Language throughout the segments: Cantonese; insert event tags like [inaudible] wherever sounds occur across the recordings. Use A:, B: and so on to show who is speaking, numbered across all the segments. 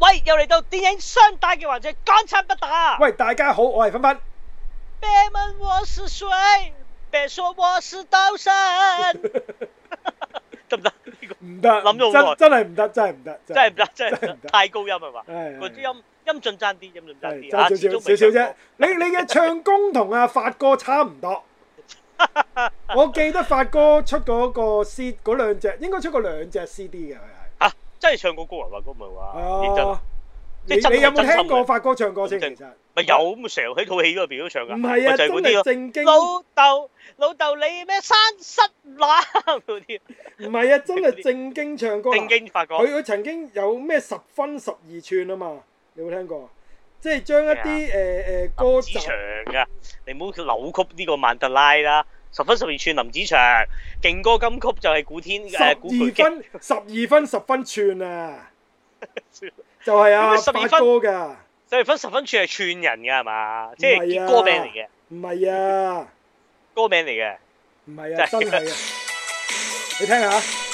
A: 喂，又嚟到電影雙打嘅環節，港產不打？喂，
B: 大家好，我係分分。
A: 別問我是誰，別說我是賭神，得唔得？唔得，諗用真
B: 真係唔得，真係唔得，真係唔得，真係唔得，
A: 太高音係嘛？個音音準爭啲，音準爭啲，爭少少少少啫。你你嘅
B: 唱功同阿發哥差唔多。我記得發哥出嗰個 C，嗰兩隻應該出過兩隻 CD 嘅。
A: 真係唱過歌，人話歌唔係話認真，即你有冇聽過發哥唱歌先？咪有咁咪成喺套戲入邊都唱噶。唔係啊，真係正經。老豆，老豆你咩山失乸？啲？
B: 唔係啊，真係正經唱歌。正經發哥。佢佢曾經有咩十分十二寸啊嘛？你有冇聽過？即係將一啲誒誒歌。子長
A: 噶，你唔好扭曲呢個曼德拉啦。十分十二寸，林子祥勁歌金曲就係古天，誒古巨基
B: 十二分，十分寸啊，就係啊十二分嘅
A: 十二分十分寸係、啊、串人噶，係嘛，即係、啊、歌名嚟嘅，唔係啊歌名嚟嘅，唔係 [laughs] 啊真
B: 係、啊、 [laughs] 你聽下。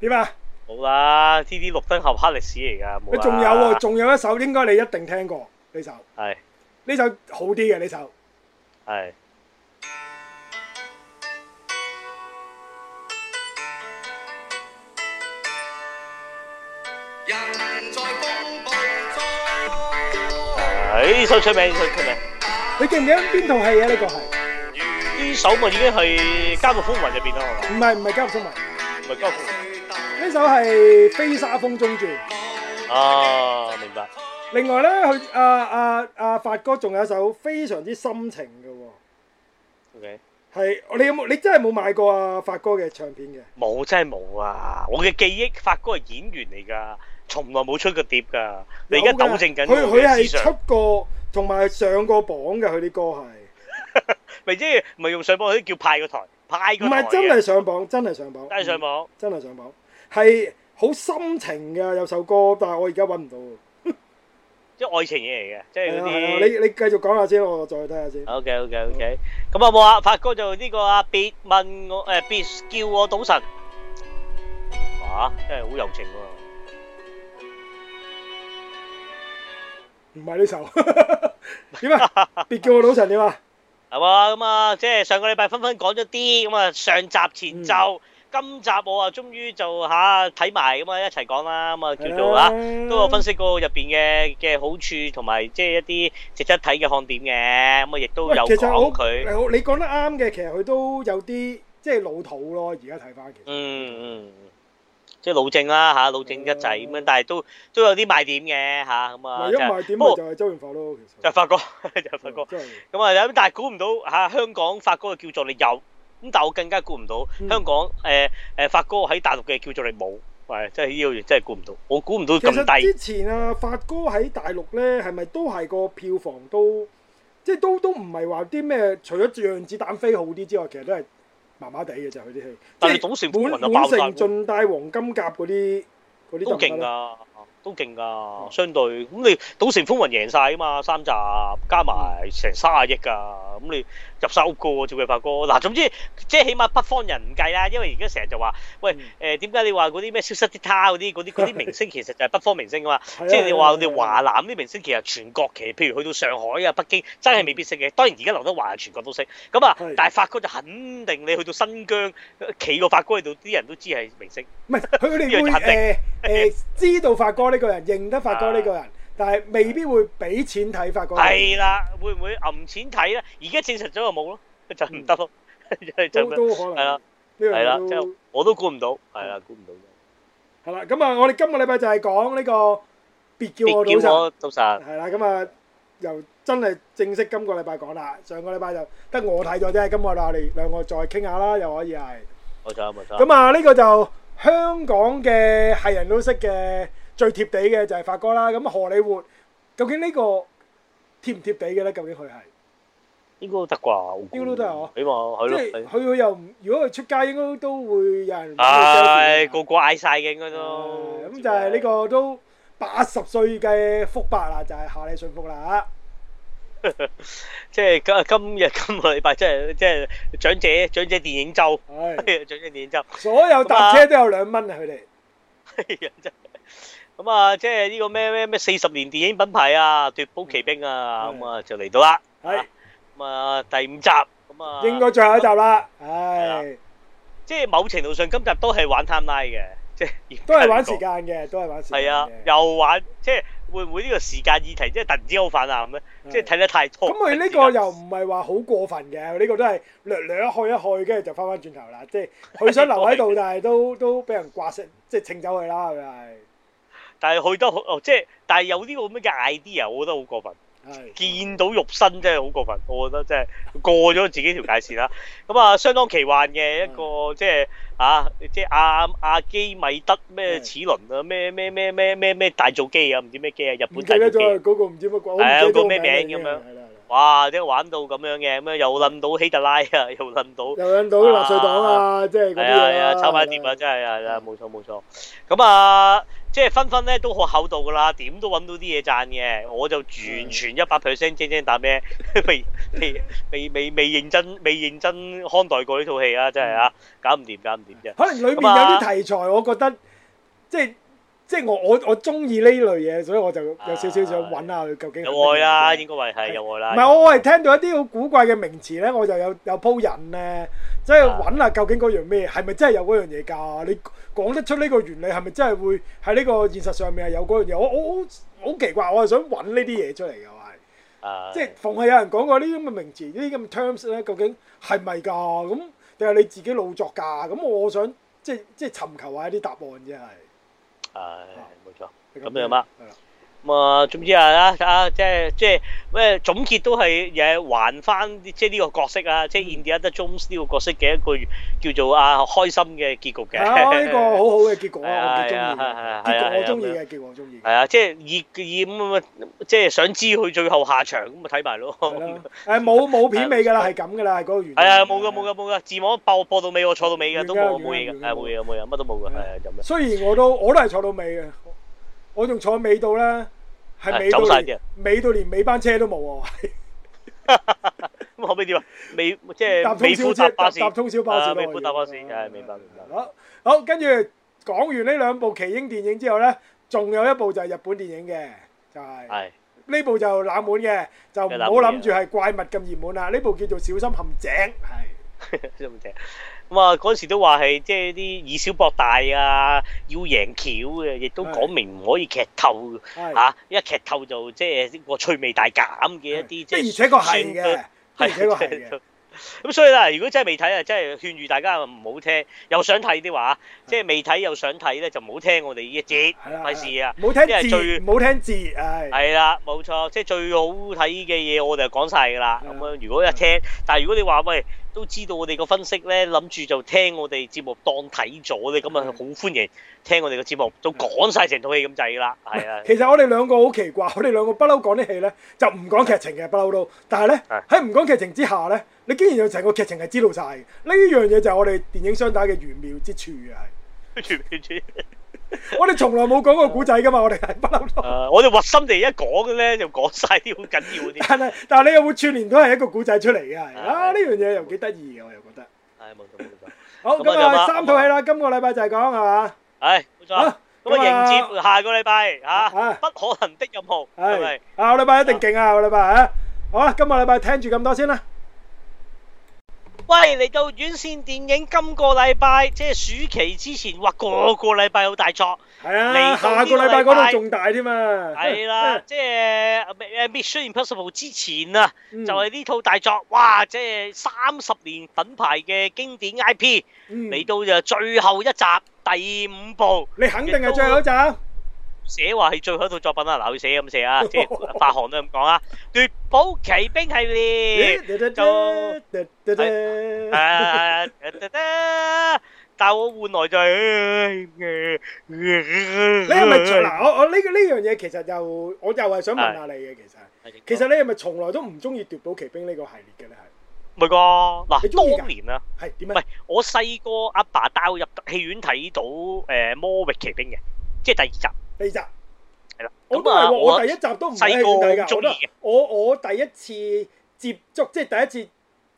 B: 點啊？
A: 好啦，呢啲綠燈俠黑歷史嚟噶，冇啦。佢仲有喎，
B: 仲有一首應該你一定聽過呢首，係呢首好啲嘅呢首，
A: 係。人在風暴中，呢首出名，呢首出名。你
B: 記唔記得邊套戲啊？呢個係？
A: 首咪已經係《監獄風雲》入邊咯，係嘛？唔係，唔係《監獄風雲》，唔係《監獄
B: 風雲》呢首係《飛沙風中轉》。
A: 哦，明白。
B: 另外咧，佢阿阿阿發哥仲有一首非常之深情嘅喎。O K。係，你有冇？你真係冇買過阿發哥嘅唱片嘅？
A: 冇，真係冇啊！我嘅記憶，發哥係演員嚟㗎，從來冇出過碟㗎。你而家糾正緊佢，佢係出
B: 過，同埋上過榜嘅，佢啲歌係。.
A: 咪即係咪用上榜？嗰啲叫派個台，
B: 派個台。唔係真係上榜，真係上榜。真係
A: 上榜，真係上榜。
B: 係好深情噶，有首歌，但係我而家揾唔到
A: [laughs] 即。即係愛情嘢嚟嘅，即係啲。你你
B: 繼續講下先，我再睇下先。
A: OK OK OK, okay. okay.、嗯。咁啊，冇啊，發哥就呢、這個啊，別問我，誒，別叫我賭神。哇，真係好有情喎。
B: 唔係呢首！點 [laughs] 啊？別叫我賭神點啊？ [laughs] [laughs]
A: 係嘛咁啊，即係、嗯、上個禮拜分分講咗啲，咁啊上集前奏，嗯、今集我終於啊終於就吓睇埋，咁啊一齊講啦，咁、嗯、啊叫做啊，都有分析過入邊嘅嘅好處同埋即係一啲值得睇嘅看點嘅，咁啊亦都有講佢。其實我
B: 你講得啱嘅，其實佢都有啲即係老土咯，而家睇翻其實。
A: 嗯嗯。即係老正啦嚇，老正一仔咁樣，但係都都有啲賣點嘅嚇咁啊。唯一賣點就係周潤發咯，其實就發哥、嗯、 [laughs] 就發哥。咁、嗯、啊，但係估唔到嚇香港發哥就叫做你有，咁但係我更加估唔到、嗯、香港誒誒發哥喺大陸嘅叫做你冇，係、就係、真係呢樣真係估唔到。我估唔到咁低。
B: 之前啊，發哥喺大陸咧，係咪都係個票房都即係都都唔係話啲咩？除咗《讓子彈飛》好啲之外，其實都係。麻麻地嘅
A: 就佢啲戲，但係賭城風雲爆晒。盡
B: 帶黃金甲嗰啲啲都勁㗎、啊，
A: 都勁㗎、啊。嗯、相對咁你賭城風雲贏晒啊嘛，三集加埋成三啊億㗎，咁、嗯、你。入曬屋個，做嘅發哥嗱，總之即係起碼北方人唔計啦，因為而家成日就話，喂，誒點解你話嗰啲咩消失的她嗰啲嗰啲嗰啲明星其實就係北方明星啊嘛，即係 [laughs] 你話我哋華南啲明星其實全國其實譬如去到上海啊、北京，真係未必識嘅。當然而家劉德華全國都識，咁啊，但係發哥就肯定你去到新疆企個發哥喺度，啲人都知係明星。
B: 唔係， [laughs] 佢哋會誒誒知道發哥呢個人，認得發哥呢個人。 [laughs] 但係未必會俾錢睇發覺，係啦，
A: 會唔會揞錢睇咧？而家證實咗就冇咯，就唔得咯，都都可能係啦。
B: 係啦，
A: 我都估唔到，係啦，估唔到。
B: 係啦，咁啊，我哋今個禮拜就係講呢個別叫我老實，老實係啦。咁啊，又真係正式今個禮拜講啦，上個禮拜就得我睇咗啫。今個禮拜我哋兩個再傾下啦，又可以係
A: 冇錯冇錯。咁啊，
B: 呢個就香港嘅係人都識嘅。最貼地嘅就係發哥啦，咁荷里活究竟呢個貼唔貼地嘅咧？究竟佢係
A: 應該都得啩？應該都得啊！起碼佢即係佢
B: 佢又唔，如果佢出街應該都會有人。唉，
A: 個怪曬嘅應該都咁就
B: 係呢個都八十歲嘅福伯啦，就係夏利遜福啦
A: 嚇。即係今今日今個禮拜，即係即係長者長者電影週，係長者電影週，
B: 所有搭車都有兩蚊啊！佢哋係啊真。
A: 咁啊，即係呢個咩咩咩四十年電影品牌啊，奪寶奇兵啊，咁啊就嚟到啦。係咁啊，第五集咁啊，應該最後一集啦。係啦，即係某程度上，今集都係玩 timeline 嘅，即係都係玩時
B: 間嘅，都係玩時間。
A: 係啊，又玩，即係會唔會呢個時間議題即係突然之間好煩啊？即係睇得太多。咁佢
B: 呢個又唔係話好過分嘅，呢個都係略略去一去，跟住就翻翻轉頭啦。即係佢想留喺度，但係都都俾人掛失，即係請走佢啦。咁係。
A: 但係去得好，哦，即係但係有呢個咩叫 idea，我覺得好過分。係。見到肉身真係好過分，我覺得真係過咗自己條界線啦。咁啊，相當奇幻嘅一個，即係啊，即係阿阿基米德咩齒輪啊，咩咩咩咩咩咩大造機啊，唔知咩機啊，日本製嘅機。唔記
B: 得咗嗰個唔知乜鬼。個咩名咁樣？
A: 哇！即係玩到咁樣嘅咁樣，又諗到希特拉啊，又諗到。又諗到
B: 啲納粹黨啊，即係嗰啲嘢啊。係啊，抽翻碟
A: 啊，真係係冇錯冇錯。咁啊。即係分分咧都好厚道噶啦，點都揾到啲嘢讚嘅。我就完全一百 percent 精精打咩，未未未未未認真未認真看待過呢套戲啊！真係啊，搞唔掂，搞唔掂啫。可能裏面有啲
B: 題材，我覺得即係即係我我我中意呢類嘢，所以我就有少少想揾下佢
A: 究竟、啊、有愛啦，應該話係有愛啦。唔係我係聽
B: 到一啲好古怪嘅名詞咧，我就有有鋪人咧，即係揾下究竟嗰樣咩係咪真係有嗰樣嘢㗎？你講得出呢個原理係咪真係會喺呢個現實上面啊有嗰樣嘢？我我好好奇怪，我係想揾呢啲嘢出嚟嘅，係，uh、即係逢係有人講過呢啲咁嘅名詞、呢啲咁嘅 terms 咧，究竟係咪噶？咁定係你自己老作噶？咁我想即係即係尋求下啲答案
A: 啫，係。係，冇錯，咁樣啦。啊，總之啊，啊，即係即係咩總結都係嘢，還翻即係呢個角色啊，即係印第安納瓊斯。呢個角色嘅一個叫做啊開心嘅結局嘅。係啊，呢個好
B: 好嘅
A: 結局啊，我幾中意嘅結局，我中意嘅結局，我中意。係啊，即係意意咁咁，即係想知佢最後下場咁啊，睇埋咯。
B: 誒冇冇片尾㗎啦，係咁㗎啦，係嗰個原。係
A: 啊，冇㗎冇㗎冇㗎，字幕爆播到尾，我坐到尾㗎，都冇冇嘢嘅。係啊，冇嘢冇嘢，乜都冇㗎。係啊，就咩？雖
B: 然我都我都係坐到尾嘅，我仲坐尾到啦。
A: 係走晒嘅，
B: 尾到連尾班車都冇啊！咁
A: 可唔可以點啊？尾即係尾班車，搭通宵巴士。啊，尾班搭巴士，係尾班。好，
B: 好，跟住講完呢兩部奇兵電影之後咧，仲有一部就係日本電影嘅，就係呢部就冷門嘅，就唔好諗住係怪物咁熱門啦。呢部叫做《小心陷阱》，係
A: 小心陷阱。咁啊，嗰陣時都話係即係啲以小博大啊，要贏橋嘅。亦都講明唔可以劇透嚇，一的、啊、因為劇透就即係個趣味大減嘅一啲即係，而且個係嘅，而咁所以啦，如果真係未睇啊，真係勸喻大家唔好聽，又想睇啲話，即係未睇又想睇咧，就唔好聽我哋呢一節費事啊！冇好聽字，唔
B: 好聽字，係係
A: 啦，冇錯，即係最好睇嘅嘢，我哋就講晒㗎啦。咁樣如果一聽，但係如果你話喂，都知道我哋個分析咧，諗住就聽我哋節目當睇咗你。咁啊，好歡迎聽我哋個節目，就講晒成套戲咁滯㗎啦。係啊，其
B: 實我哋兩個好奇怪，我哋兩個不嬲講啲戲咧就唔講劇情嘅不嬲都，但係咧喺唔講劇情之下咧。你竟然有成個劇情係知道晒。呢樣嘢就係我哋電影雙打嘅玄妙之處啊。係我哋從來冇講過古仔噶嘛，我哋不嬲
A: 我哋核心地一講嘅咧就講晒啲好緊要
B: 啲。但係你又會串聯到係一個古仔出嚟嘅啊？呢樣嘢又幾得意
A: 嘅，我又覺得。係冇錯冇錯。好，今日三
B: 套戲啦。今個禮拜就係講係嘛？係冇錯。
A: 好咁啊！迎接下個禮拜吓不可能的任務係啊！
B: 下個禮拜一定勁啊！下個禮拜吓好啦，今個禮拜聽住咁多先啦。
A: 喂，嚟到院線電影，今個禮拜即係暑期之前，哇個個禮拜有大作。係啊，嚟下個禮拜嗰度仲大添啊。係啦，啊， [laughs] 即係《Mission Impossible》之前啊，嗯、就係呢套大作，哇！即係三十年品牌嘅經典 IP，嚟到就最後一集第五部，你肯定係最後一集。寫話係最後一套作品啦。嗱，佢寫咁寫啊，即係發行都咁講啊，《奪寶奇兵》系
B: 列
A: 就，啊，但係我換來就你係咪從嗱？我
B: 我呢個呢樣嘢，其實又我又係想問下你嘅。
A: 其實其實
B: 你係咪從來都唔中意《奪寶奇兵》呢個系列嘅咧？係
A: 唔係啩？嗱，當年啊，係點咧？唔係我細個阿爸帶我入戲院睇到誒《魔域奇兵》嘅，即係第二集。第二集，係啦的，我都係，啊、我第一集都唔係我我，
B: 我，我第一次接觸，即係第一次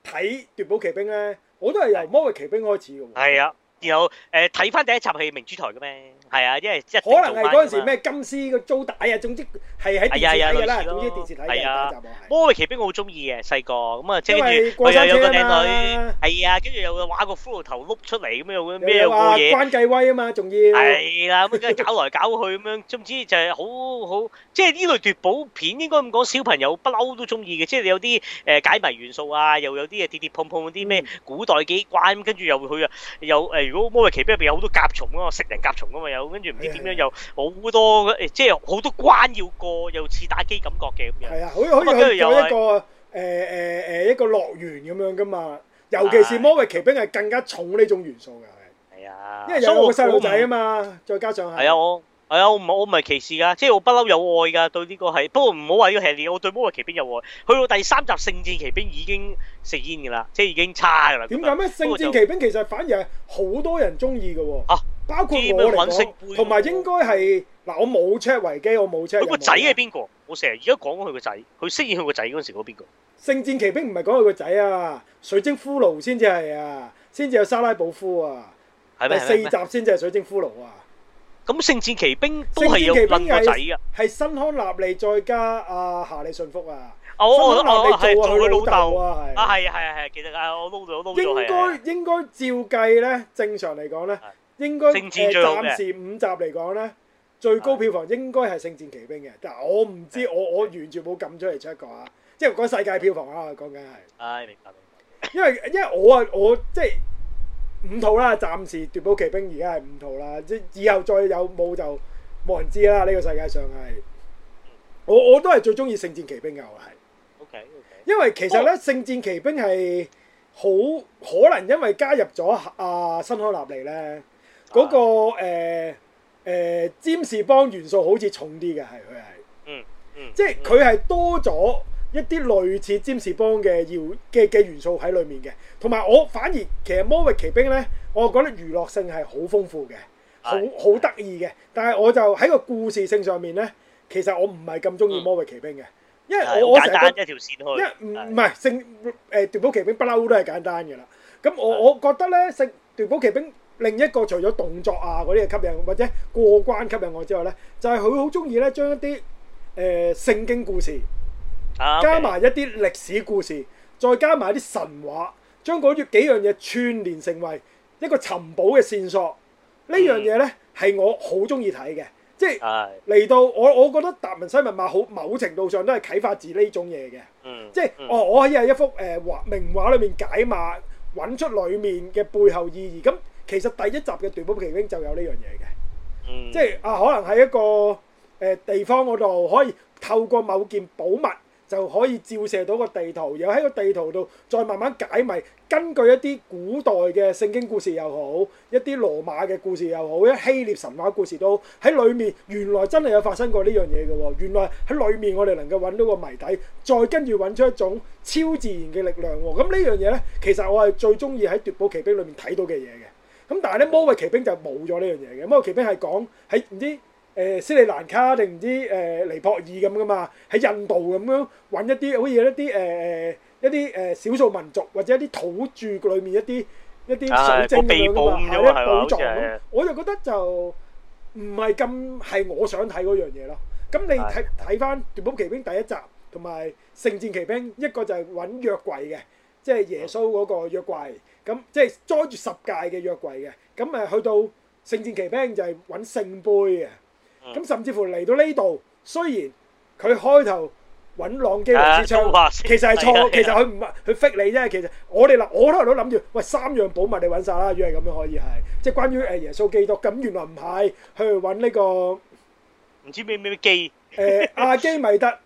B: 睇《奪寶奇兵》咧，我都係由《魔域奇兵》開始嘅，
A: 係啊。然後誒睇翻第一集係明珠台嘅咩？係啊，因為可能係嗰陣時咩
B: 金絲個租帶啊，總之係喺電視睇嘅啦。總之電
A: 視睇嘅啦。魔域奇兵我好中意嘅，細個咁啊，跟住係啊，有個靚女係啊，跟住又畫個骷髏頭碌出嚟咁樣，咩嘢關繼威
B: 啊嘛，仲要係
A: 啦，咁樣搞來搞去咁樣，總之就係好好，即係呢類奪寶片應該咁講，小朋友不嬲都中意嘅，即係有啲誒解謎元素啊，又有啲啊跌跌碰碰啲咩古代機關，跟住又去啊又誒。如果魔域奇兵入邊有好多甲蟲啊，食人甲蟲啊嘛，有跟住唔知點樣有好多，誒即係好多關要過，又似打機感覺嘅咁樣。係啊，好似可以跟住去一個
B: 誒誒誒一個樂園咁樣噶嘛，尤其是魔域奇兵係更加重呢種元素嘅，係。係
A: 啊，因為有我個細路仔啊嘛，
B: 啊再加上係。
A: 係啊，我冇我唔係歧視噶，即係我不嬲有愛噶，對呢個係，不過唔好話要系列，我對《魔幻奇兵》有愛。去到第三集《聖戰奇兵》已經食煙噶啦，即係已經差噶啦。點解咩？《聖戰奇兵》
B: 其實反而係好多人中意噶，包括我嚟講，同埋應該係嗱，我冇 check 維基，我冇 check。佢個仔係邊
A: 個？我成日而家講佢個仔，佢飾演佢個仔嗰陣時，嗰邊個？
B: 《聖戰奇兵》唔係講佢個仔啊，水晶骷髏先至係啊，先至有沙拉布夫啊，
A: 係咪？四集
B: 先至係水晶骷髏啊。
A: 咁《聖戰奇兵》都係有問個仔噶
B: 係新康納利再加阿夏利遜福啊！哦哦哦，係做佢老豆啊，
A: 係啊係啊係啊，其實啊，我撈咗，撈咗係。應該
B: 應該照計咧，正常嚟講咧，應該暫時五集嚟講咧，最高票房應該係《聖戰奇兵》嘅，但係我唔知我我完全冇撳出嚟出一個啊，即係講世界票房啊，講緊係。唉，明白。因為因為我啊，我即係。五套啦，暫時奪寶奇兵而家係五套啦，即以後再有冇就冇人知啦。呢、這個世界上係，我我都係最中意聖戰奇兵嘅我係，OK, okay. 因為其實咧、oh. 聖戰奇兵係好可能因為加入咗阿、啊、新康納尼咧嗰個誒誒詹士邦元素好似重啲嘅係佢係，嗯、mm, mm, mm. 即係佢係多咗。一啲類似占士邦嘅要嘅嘅元素喺裏面嘅，同埋我反而其實魔域奇兵咧，我覺得娛樂性係好豐富嘅，好好得意嘅。的但係我就喺個故事性上面咧，其實我唔係咁中意魔域奇兵嘅，嗯、因為我我成日都一條線去，因為唔唔係聖誒奪、呃、寶奇兵不嬲都係簡單嘅啦。咁我的我覺得咧聖奪寶奇兵另一個除咗動作啊嗰啲吸引或者過關吸引我之外咧，就係佢好中意咧將一啲誒、呃呃呃呃呃呃呃、聖經故事。加埋一啲歷史故事，再加埋啲神話，將嗰啲幾樣嘢串連成為一個尋寶嘅線索。呢、嗯、樣嘢呢，係我好中意睇嘅，即係嚟到我，我覺得達文西密碼好某程度上都係啟發自呢種嘢嘅。嗯、即係哦，嗯、我喺係一幅誒、呃、畫名畫裏面解碼，揾出裏面嘅背後意義。咁其實第一集嘅奪寶，寶奇兵就有呢樣嘢嘅。嗯、即係啊、呃，可能喺一個誒、呃、地方嗰度，可以透過某件寶物，物。就可以照射到個地圖，又喺個地圖度再慢慢解謎。根據一啲古代嘅聖經故事又好，一啲羅馬嘅故事又好，一啲希臘神話故事都好，喺裏面。原來真係有發生過呢樣嘢嘅喎。原來喺裏面我哋能夠揾到個謎底，再跟住揾出一種超自然嘅力量，哦。咁、嗯、呢樣嘢咧，其實我係最中意喺奪寶奇兵裏面睇到嘅嘢嘅。咁但係咧，魔域奇兵就冇咗呢樣嘢嘅。魔域奇兵係講喺唔知。誒斯里蘭卡定唔知誒尼泊爾咁噶嘛？喺印度咁樣揾一啲，好似一啲誒誒一啲誒少數民族或者一啲土著裏面一啲一啲水晶咁樣噶嘛，係啊，寶藏咯。我就覺得就唔係咁係我想睇嗰樣嘢咯。咁你睇睇翻《奪寶奇兵》第一集同埋《聖戰奇兵》，一個就係揾約櫃嘅，即係耶穌嗰個約櫃咁、嗯，即係裝住十戒嘅約櫃嘅。咁誒去到《聖戰奇兵》就係揾聖杯嘅。咁甚至乎嚟到呢度，雖然佢開頭揾朗基努斯之槍，其實係錯，其實佢唔係佢逼你啫。其實我哋諗，我都喺度諗住，喂，三樣寶物你揾晒啦，如果係咁樣可以係，即係關於誒耶穌基督。咁原來唔係去揾呢個
A: 唔知咩咩機
B: 誒阿基米德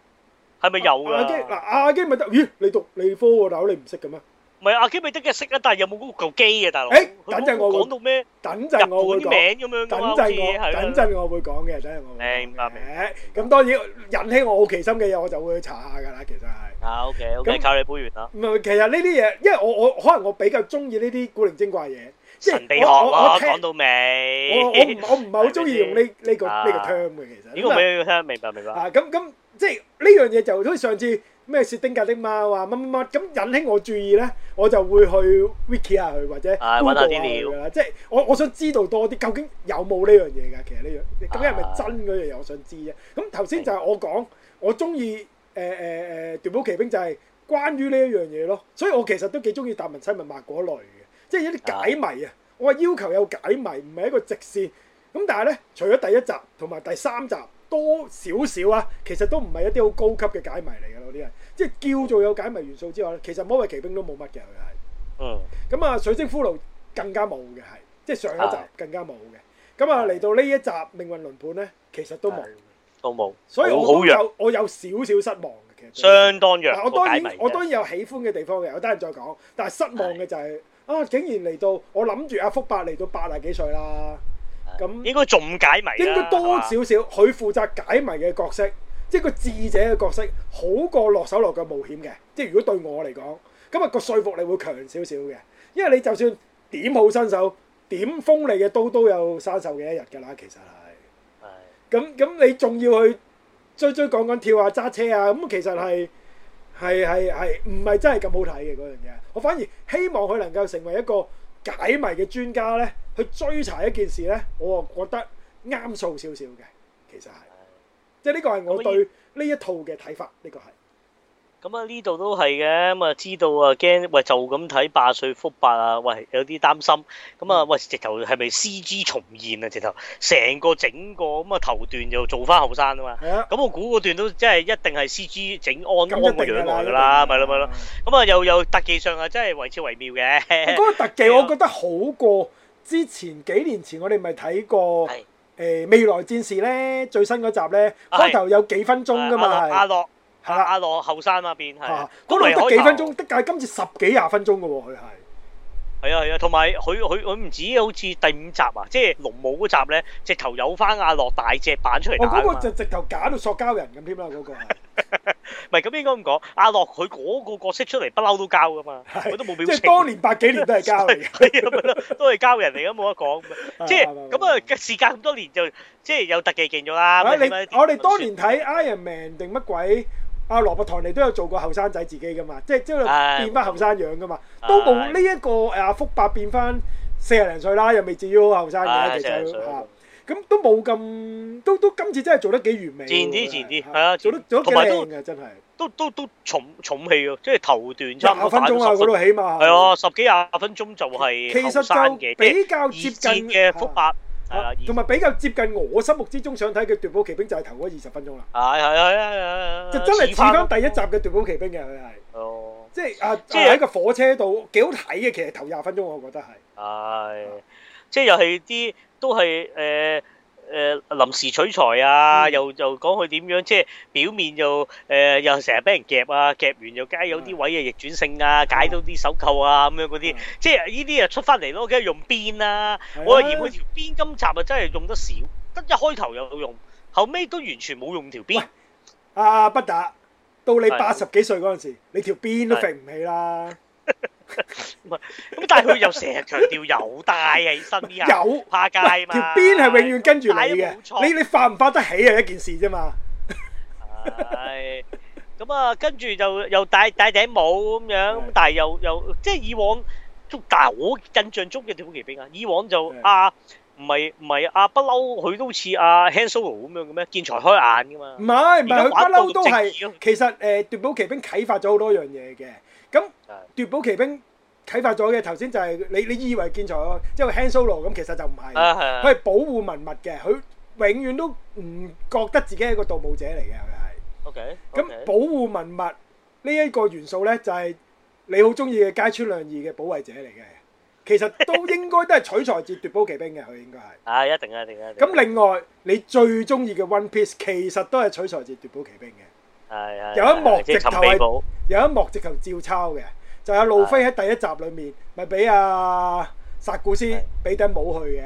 A: 係咪有？阿基嗱
B: 阿基米德，咦？你讀理科嘅大佬你唔識噶咩？
A: 唔係阿基米德嘅識啊，但係有冇嗰嚿機啊，大佬？誒，等陣我講到咩？等陣我會講啲名咁樣噶嘛，好似嘢係啊。等陣我會講嘅，等陣我誒唔得嘅。
B: 咁當然引起我好奇心嘅嘢，我就會去
A: 查下㗎啦。其實係啊，OK OK，靠你潘員啦。
B: 唔係，其實呢啲嘢，因為我我可能我比較中意呢啲古靈精怪嘢，
A: 即係我我我講到未？我我唔我唔係好中意用呢呢
B: 個呢個腔嘅，
A: 其實。呢個俾我聽，明白明白。啊，咁咁
B: 即係呢樣嘢，就好似上次。咩薛丁格的貓話乜乜乜咁引起我注意咧，我就會去 Wiki 下佢或者揾下啲料噶啦。即係我我想知道多啲，究竟有冇呢樣嘢噶？其實呢樣究竟係咪真嗰樣嘢？我想知啫。咁頭先就係我講，我中意誒誒誒呃呃呃《奪寶奇兵》，就係關於呢一樣嘢咯。所以我其實都幾中意《達文西密碼》嗰類嘅，即係一啲解謎啊。我要求有解謎，唔係一個直線。咁但係咧，除咗第一集同埋第三集。多少少啊，其實都唔係一啲好高級嘅解謎嚟嘅嗰啲人，即係叫做有解謎元素之外，其實《魔域奇兵》都冇乜嘅，佢係。嗯。咁啊，《水晶骷髏》更加冇嘅，係，即係上一集更加冇嘅。咁啊，嚟到呢一集《命運輪盤》咧，其實都冇、啊，
A: 都冇。所以我有，好我有，
B: 我有少少失望嘅，其實、就是。相當弱我當。我當然，我當然有喜歡嘅地方嘅，我等陣再講。但係失望嘅就係、是、啊，竟然嚟到我諗住阿福伯嚟到八廿幾歲啦。咁
A: 應該仲解謎，應該多少
B: 少佢負責解謎嘅角色，即係個智者嘅角色，好過落手落腳冒險嘅。即係如果對我嚟講，咁啊個說服力會強少少嘅。因為你就算點好身手，點鋒利嘅刀都有生鏽嘅一日㗎啦。其實係係。咁咁你仲要去追追趕趕跳下揸車啊？咁其實係係係係唔係真係咁好睇嘅嗰樣嘢？我反而希望佢能夠成為一個解謎嘅專家咧，去追查一件事咧，我啊覺得啱數少少嘅。其實係，即係呢個係我對呢一套嘅睇法，呢
A: 個係。.咁啊，呢度都係嘅，咁啊知道啊，驚喂就咁睇霸歲復霸啊，喂有啲擔心。咁啊，喂直頭係咪 C G 重現啊？直頭成個整個咁啊頭段又做翻後生啊嘛。咁我估嗰段都即係一定係 C G 整安安個樣來噶啦，咪咯咪咯。咁啊又有特技上啊真係惟肖惟妙嘅。嗰個
B: 特技我覺得好過之前幾年前我哋咪睇過誒未來戰士咧最新嗰集咧開頭有幾分鐘噶嘛係。
A: 係啦，阿樂後生嘛，變係。嗰輪得幾分
B: 鐘，的確係今次十幾廿分鐘嘅喎。佢係
A: 係啊係啊，同埋佢佢佢唔止好似第五集啊，即係龍武嗰集咧，直頭有翻阿樂大隻版出嚟打啊嘛。嗰個就
B: 直頭搞到塑膠人咁添啦，嗰個係
A: 咪咁應該咁講？阿樂佢嗰個角色出嚟不嬲都膠噶嘛，佢都冇表情。即係當
B: 年百幾年都係膠，係啊咪
A: 咯，都係膠人嚟啊，冇得講。即係咁啊，時間咁多年就即係有特技勁咗啦。我哋
B: 我哋當年睇 Iron Man 定乜鬼？阿羅伯唐尼都有做過後生仔自己噶嘛，即係即係變翻後生樣噶嘛？哎、呀都冇呢一個誒阿、哎呀啊、福伯變翻四十零歲啦，又未至於好後生嘅，其實嚇咁都冇咁，都都今次真係做得幾完美，漸
A: 啲漸啲，係啊嗎，做得做得幾靚嘅真係，都的都都，都，都重重氣啊，即係頭段差唔多廿分，分鐘啊，嗰度起碼係啊，對對十幾廿分鐘就係其實就比較接近嘅福伯。同埋比較接
B: 近我心目之中想睇嘅奪寶奇兵就係、是、頭嗰二十分鐘啦，
A: 係係係係，就真係似返
B: 第一集嘅奪寶奇兵嘅佢係，哦、即係啊，喺是、啊、個火車度幾好睇嘅，其實頭廿分鐘我覺得係，
A: 係，即係又係啲都係誒。呃誒、呃、臨時取材啊，又又講佢點樣，即係表面、呃、又誒又成日俾人夾啊，夾完又加有啲位啊逆轉性啊，嗯、解到啲手扣啊咁樣嗰啲，嗯、即係呢啲又出翻嚟咯，梗係用鞭啦！我話嫌佢條鞭今集啊，啊集真係用得少，得一開頭有用，後尾都完全冇用條鞭。阿、啊、不打到你八十幾
B: 歲嗰陣時，啊、你條鞭都肥唔
A: 起啦～是、啊 [laughs] 唔係，咁 [laughs] 但係佢又成日強調有帶系身啲下，有拍街嘛？條鞭
B: 係永遠跟住你嘅，你你發唔發得起係、啊、一件事啫嘛。
A: 係、 [laughs] 哎，咁、嗯、啊，跟住就又戴戴頂帽咁樣，的但係又又即係以往都，但係我印象中嘅奪寶奇兵啊，以往就啊，唔係唔係啊，不嬲，佢、啊、都好似阿 Han Solo 咁樣嘅咩？見財 [laughs] 開眼噶嘛？唔係唔係，不嬲都係，
B: 其實誒奪寶奇兵啟發咗好多樣嘢嘅。咁奪寶奇兵啟發咗嘅頭先就係你你以為建材即係 Han Solo 咁，其實就唔係。佢係保護文物嘅，佢永遠都唔覺得自己係一個盜墓者嚟嘅。係。
A: OK，咁保
B: 護文物呢一個元素咧，就係你好中意嘅街村亮二嘅保衞者嚟嘅。其實都應該都係取材自奪寶奇兵嘅，佢應該
A: 係。啊，一定啊，一定啊！咁另
B: 外，你最中意嘅 One Piece 其實都係取材自奪寶奇
A: 兵嘅。係係，有一幕直頭係，有
B: 一幕直頭照抄嘅，就阿、是、路飛喺第一集裏面咪俾阿薩古斯俾頂帽去嘅，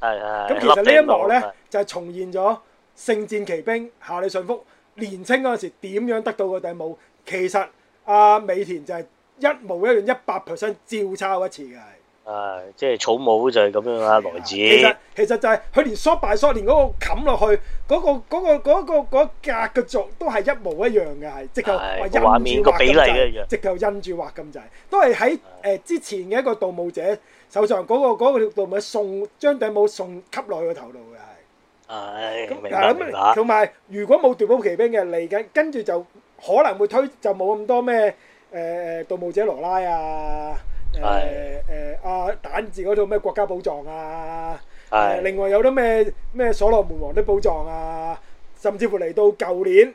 B: 係係
A: 的。咁其實呢一幕咧
B: 的就係重現咗《聖戰奇兵》夏利順福年青嗰陣時點樣得到個頂帽。其實阿、啊、美田就係一模一樣，一百 percent 照抄一次嘅。
A: 誒，即係草帽就係咁樣啦，來自其實
B: 其實就係佢連 shot by shot 連嗰個冚落去嗰個嗰個嗰個嗰格嘅座都係一模一樣嘅，係直頭畫面個比例一樣，直頭印住畫咁滯，都係喺誒之前嘅一個盜墓者手上嗰個嗰個條盜墓者送將頂帽送給落去嗰個頭度嘅，係，係咁未明白。同埋如果冇奪寶奇兵嘅嚟緊，跟住就可能會推就冇咁多咩，誒誒盜墓者羅拉啊。誒誒阿蛋字嗰套咩國家寶藏啊，誒、欸啊、另外有啲咩咩所羅門王的寶藏啊，甚至乎嚟到舊年，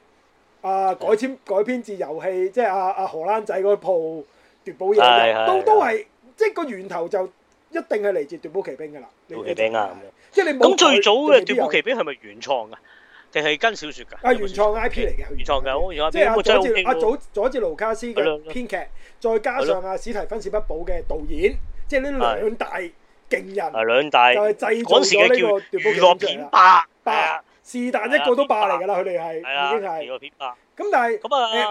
B: 阿、啊欸、改簽改編自遊戲，即係阿阿荷蘭仔嗰套奪寶嘢，到都係對即係個源頭就一定係嚟自奪寶奇兵噶啦。
A: 奪寶奇啊，咁樣，即係你冇咁最早嘅奪寶奇兵係咪原創啊？定係跟小説㗎？啊，原創 I P 嚟嘅，原創嘅，即係阿佐治阿佐
B: 佐治盧卡斯嘅編劇，再加上阿史提芬史匹堡嘅導演，即係呢兩大勁人，
A: 兩大就係製造咗呢個娛樂片，
B: 霸霸，是但一個都霸嚟㗎啦！佢哋係已經係娛樂片咁但係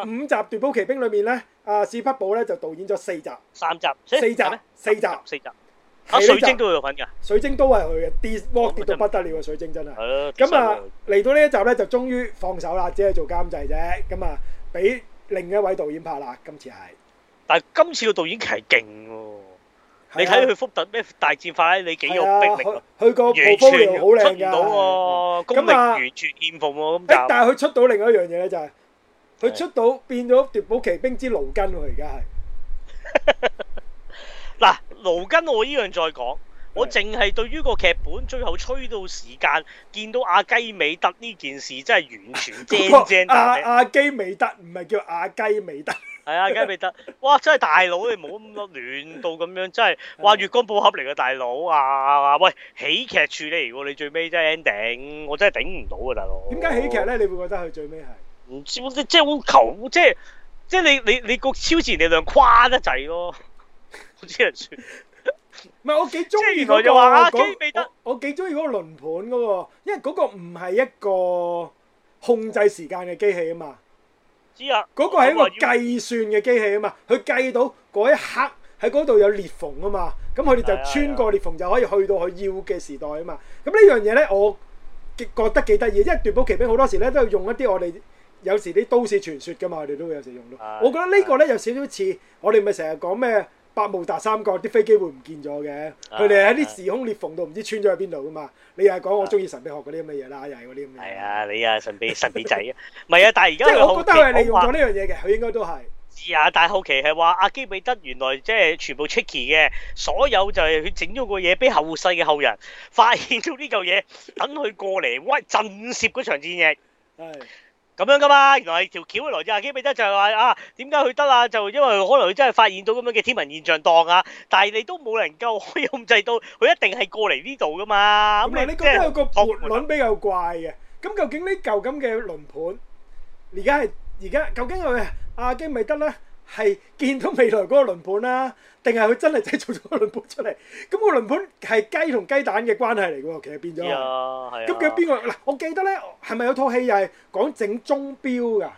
B: 五集《奪寶奇兵》裏面咧，阿史匹堡咧就導演咗四集，三
A: 集，四集四集，四集。啊！水晶都會有份㗎，
B: 水晶都係佢嘅跌跌到不得了啊！水晶真
A: 係，咁啊
B: 嚟到呢一集咧，就終於放手啦，只係做監製啫。咁啊，俾另一位導演拍啦，今次係。
A: 但係今次個導演其實勁喎，你睇佢福特咩大戰法呢？你幾有功力？佢
B: 個武裝要好靚㗎，出唔到喎，
A: 功力完全欠奉喎。咁但係佢
B: 出到另外一樣嘢咧，就係佢出到變咗奪寶奇兵之盧根喎，而家係。
A: 勞根我，我依樣再講，我淨係對於個劇本最後吹到時間，見到阿基美德呢件事真係完全正正大。阿
B: 阿基美德唔係叫阿基美德，
A: 係阿基美德，哇真係大佬你冇咁多亂到咁樣，真係哇月光寶盒嚟噶大佬啊,啊！喂喜劇處理嚟、啊、噶，你最尾真係 ending，我真係頂唔到啊大佬。點
B: 解喜劇咧？你會覺得佢最尾係
A: 唔知即係好求即係即係你你你個超自然力量誇得滯咯。唔係 [laughs] 我幾中意嗰個，
B: 我幾中意嗰個輪盤噶喎，因為嗰個唔係一個控制時間嘅機器啊嘛，
A: 知啦，嗰個係一個計
B: 算嘅機器啊嘛，佢計到嗰一刻喺嗰度有裂縫啊嘛，咁佢哋就穿過裂縫就可以去到佢要嘅時代啊嘛，咁呢樣嘢咧，我覺得幾得意，因為奪寶奇兵好多時咧都係用一啲我哋有時啲都市傳說噶嘛，我哋都會有時用到。的我覺得呢個咧有少少似我哋咪成日講咩？百慕達三角啲飛機會唔見咗嘅，佢哋喺啲時空裂縫度唔知穿咗去邊度噶嘛？你又係講我中意神秘學嗰啲咁嘅嘢啦，又係嗰啲咁嘅。係
A: 啊，你啊神，神秘神秘仔啊！唔係 [laughs] 啊，但係而家我覺得係利用咗
B: 呢樣嘢嘅，佢應該都係。
A: 係啊，但係好奇係話阿基米德原來即係全部 tricky 嘅，所有就係佢整咗個嘢，俾後世嘅後人發現咗呢嚿嘢，等佢過嚟喂，震懾嗰場戰役。係。咁樣噶嘛、啊，原來係條橋，來自阿基米德就係話啊，點解佢得啊？就因為可能佢真係發現到咁樣嘅天文現象當啊，但係你都冇能夠控制到，佢一定係過嚟呢度噶嘛。咁、嗯、你覺得有個盤輪、
B: 哦、比較怪嘅，咁究竟呢舊咁嘅輪盤，而家係而家究竟佢阿基米德咧？係見到未來嗰個輪盤啦，定係佢真係製造咗個輪盤出嚟？咁個輪盤係雞同雞蛋嘅關係嚟嘅喎，其實變咗。
A: 咁佢邊個
B: 嗱？我記得咧，係咪有套戲又係講整鐘錶噶？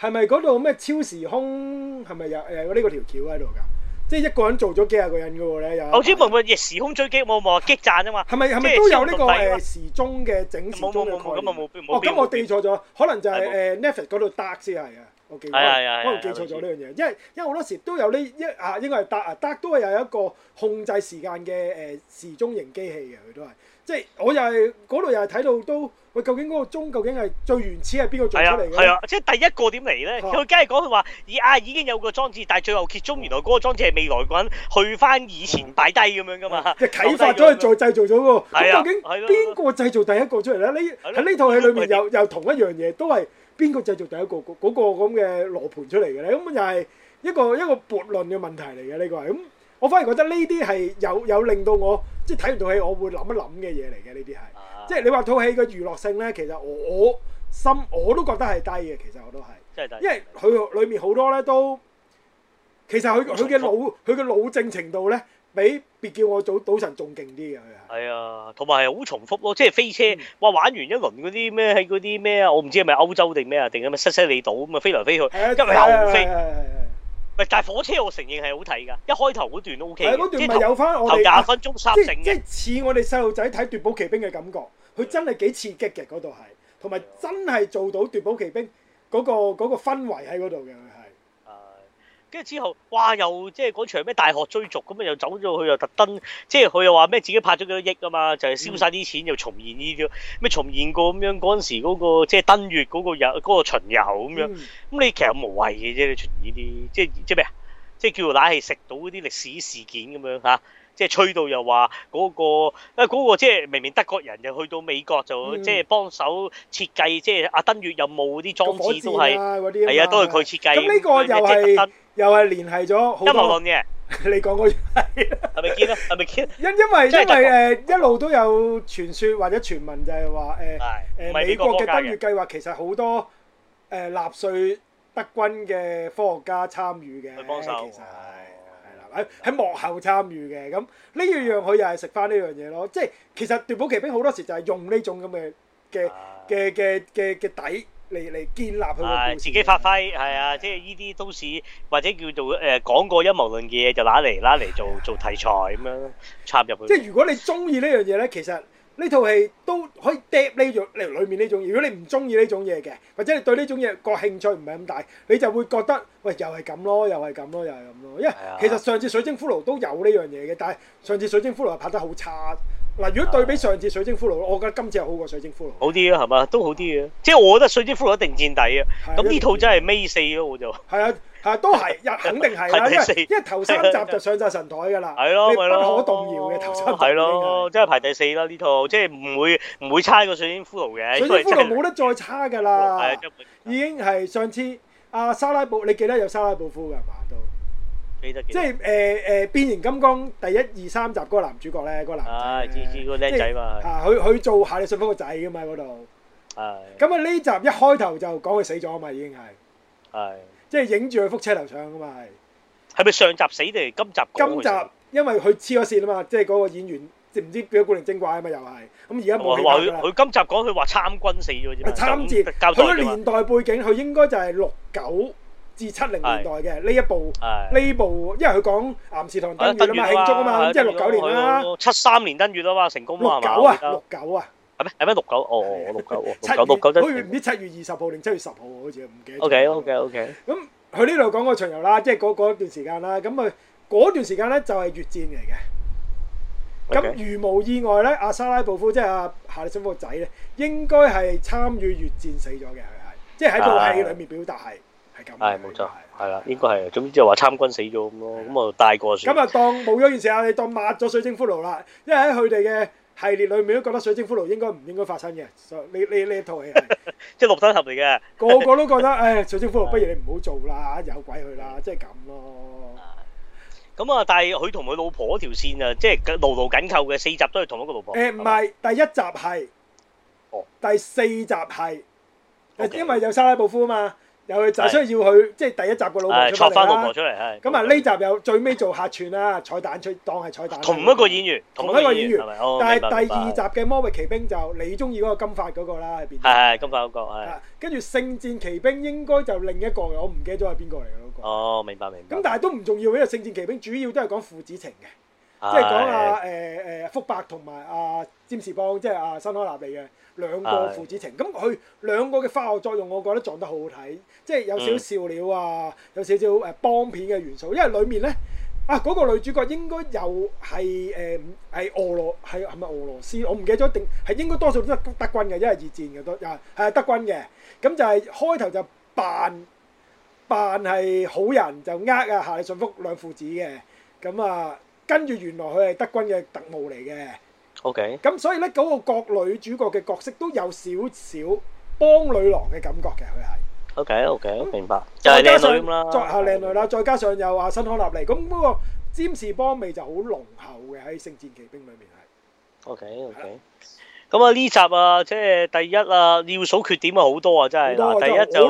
B: 係咪嗰度咩超時空？係咪有誒呢個條橋喺度噶？即係一個人做咗幾廿個人嘅
A: 喎咧？有。我知，唔會亦時空追擊，冇冇激讚啊嘛？係咪係咪都有呢個誒時
B: 鐘嘅整鐘嘅概念？冇哦，我記錯咗，可能就係誒 Netflix 嗰度得先係啊。我記，可能、哎、呀記錯咗呢樣嘢，因為因為好多時都有呢一啊，應該係 Dark 啊，Dark 都係有一個控制時間嘅誒時鐘型機器嘅，佢都係，即係我又係嗰度又係睇到都，我究竟嗰個鐘究竟係最原始係邊個做出嚟嘅咧？哎嗯、
A: 啊，即係第一個點嚟咧？佢梗係講佢話咦，啊已經有個裝置，但係最後揭盅，原來嗰個裝置係未來個人去翻以前擺低咁樣噶嘛？就啟發咗
B: 去再製造咗個，究竟係邊個製造第一個出嚟咧？呢喺呢套戲裏面又又同一樣嘢都係。邊個製造第一個嗰、嗰個咁嘅羅盤出嚟嘅咧？咁就係一個一個悖論嘅問題嚟嘅，呢個係咁，我反而覺得呢啲係有有令到我即係睇唔到戲，我會諗一諗嘅嘢嚟嘅，呢啲係，啊、即係你話套戲嘅娛樂性咧，其實我我心我都覺得係低嘅，其實我都係，低因為佢裏面好多咧都，其實佢佢嘅老佢嘅老，老正程度咧。比別叫我賭賭神仲勁啲㗎佢
A: 啊！係啊，同埋係好重複咯，即係飛車、嗯、哇！玩完一輪嗰啲咩喺嗰啲咩啊，我唔知係咪歐洲定咩啊定咁啊西西里島咁啊飛嚟飛去，啊、今日有飛。喂、啊，啊啊啊、但係火車我承認係好睇㗎，一開頭嗰段都 O K 嘅，即係有翻我哋廿分鐘三成，即係
B: 似我哋細路仔睇奪寶奇兵嘅感覺，佢真係幾刺激嘅嗰度係，同埋真係做到奪寶奇兵嗰、嗰個嗰、嗰個氛圍喺嗰度嘅。
A: 跟住之後，哇！又即係嗰場咩大學追逐咁啊，又走咗去，又特登，即係佢又話咩自己拍咗幾多億啊嘛，就係、是、燒晒啲錢，嗯、又重現呢啲咩重現過咁樣嗰陣時嗰、那個即係、就是、登月嗰、那個遊、那個、巡遊咁樣。咁你其實無謂嘅啫，你現呢啲，即係即係咩啊？即係叫拉氣食到啲歷史事件咁樣嚇。啊即係吹到又話嗰個，誒即係明明德國人又去到美國就即係幫手設計，即係阿登月任務啲裝置都係，係啊，都係佢設計。咁呢個又係
B: 又係聯繫咗。陰謀論嘅，你講嗰係
A: 咪堅啊？係咪堅？因因為因為誒
B: 一路都有傳說或者傳聞就係話誒誒美國嘅登月計劃其實好多誒納粹德軍嘅科學家參與嘅，幫手。喺喺幕後參與嘅，咁呢樣樣佢又係食返呢樣嘢咯。即係其實奪寶奇兵好多時就係用呢種咁嘅嘅嘅嘅嘅底嚟嚟建立佢個故事、啊、
A: 自己發揮係啊，啊即係呢啲都係，或者叫做誒、呃、講過陰謀論嘅嘢，就拿嚟拿嚟做做題材咁、啊、樣插入去。即係如
B: 果你中意呢樣嘢咧，其實。呢套戲都可以揼呢種，例如裏面呢種嘢。如果你唔中意呢種嘢嘅，或者你對呢種嘢個興趣唔係咁大，你就會覺得喂，又係咁咯，又係咁咯，又係咁咯。因為其實上次水晶骷髏都有呢樣嘢嘅，但係上次水晶骷髏係拍得好差。嗱，如果對比上次水晶骷髏，我覺得今次係好過水晶骷
A: 髏。好啲啊，係嘛？都好啲啊。即係我覺得水晶骷髏一定墊底啊。咁呢套真係尾四咯，我就。係啊。係都係，又肯定係啦，因為因為頭三集就
B: 上晒神台噶啦，
A: 係咯，係不可動搖嘅頭三集。係咯，即係排第四啦呢套，即係唔會唔會差過《水晶骷髏》嘅，《水晶骷髏》冇得
B: 再差噶啦，已經係上次阿沙拉布，你記得有沙拉布夫噶嘛？都
A: 記得，即係
B: 誒誒，變形金剛第一二三集嗰個男主角咧，嗰個男，
A: 唉，個僆仔嘛，佢佢
B: 做夏利信福個仔噶嘛嗰度，係，咁啊呢集一開頭就講佢死咗啊嘛，已經係，係。即係影住佢幅車頭相咁啊係，
A: 係咪上集死定今，今集？今集
B: 因為佢黐咗線啊嘛，即係嗰個演員唔知幾鬼古靈精怪啊嘛又係，咁而家冇話佢佢
A: 今集講佢話參軍死咗啫，參、啊、戰。佢個年
B: 代背景，佢應該就係六九至七零年代嘅，呢的一部呢的部，因為佢講岩士唐登月啊嘛慶祝啊嘛，即係六九年啦，
A: 七三年登月啊嘛成功，六九啊六九啊。係咩？係咩？六九哦哦，六九喎，七六九即係好
B: 似唔知七月二十號定七月十
A: 號喎，好似唔記得。O K O K O K。咁
B: 佢呢度講嗰場巡遊啦，即係嗰嗰一段時間啦。咁啊，嗰段時間咧就係越戰嚟嘅。咁如無意外咧，阿沙拉布夫即係阿夏利辛福個仔咧，應該係參與越戰死咗嘅，
A: 係係，即係喺部戲裏面表達係係咁。係冇錯，係啦，應該係，總之就話參軍死咗咁咯。咁啊，大過算。咁啊，當冇咗件事啊，
B: 你當抹咗水晶骷髏啦，因為喺佢哋嘅。系列裏面都覺得水晶骷髏應該唔應該發生嘅，呢呢呢套戲係
A: 即係綠燈俠嚟嘅，個個
B: 都覺得誒水晶骷髏 [laughs] 不如你唔好做啦，有鬼去啦、就是嗯，即係咁咯。
A: 咁啊，但係佢同佢老婆嗰條線啊，即係牢牢緊扣嘅，四集都係同一個老婆。誒唔
B: 係，吧第一集係，Oh. 第四集係，Okay. 因為有沙拉布夫嘛。又去就，所以要佢即係第一集個老婆出嚟啦的。坐翻來老婆出嚟，係咁啊！呢集又最尾做客串啦，彩蛋出，當係彩蛋。同一個演員，同一個演員，但係第二集嘅魔域奇兵就你中意嗰個金髮嗰個啦，係邊？
A: 係金髮嗰、嗰個，
B: 跟住、啊、聖戰奇兵應該就另一個，我唔記得咗係邊個嚟嘅嗰個。
A: 哦，明白明白。咁但
B: 係都唔重要，因為聖戰奇兵主要都係講父子情嘅，
A: 的即係講啊
B: 誒誒、啊啊、福伯同埋阿占士邦，即係阿辛可納利嘅。兩個父子情，咁佢的兩個嘅化學作用，我覺得撞得好好睇，即係有少少笑料啊，有少少誒幫片嘅元素，因為裡面咧啊嗰、那個女主角應該又係誒係俄羅係係咪俄羅斯？我唔記得咗定係應該多數都係德，德軍嘅，因為二戰嘅都啊係德軍嘅，咁就係開頭就扮扮係好人就呃啊下你信服兩父子嘅，咁啊跟住原來佢係德軍嘅特務嚟嘅。O K，咁所以咧嗰個女主角嘅角色都有少少邦女郎嘅感覺嘅，佢係
A: O K O K，明白。再加上作下靚
B: 女啦，的再加上又阿辛康納利，咁嗰個占士邦味就好濃厚嘅喺《聖戰奇兵》裏面係。O
A: K O K。Okay, okay. 咁啊呢集啊，即係第一啊，要數缺點啊，好多啊，真係。第一就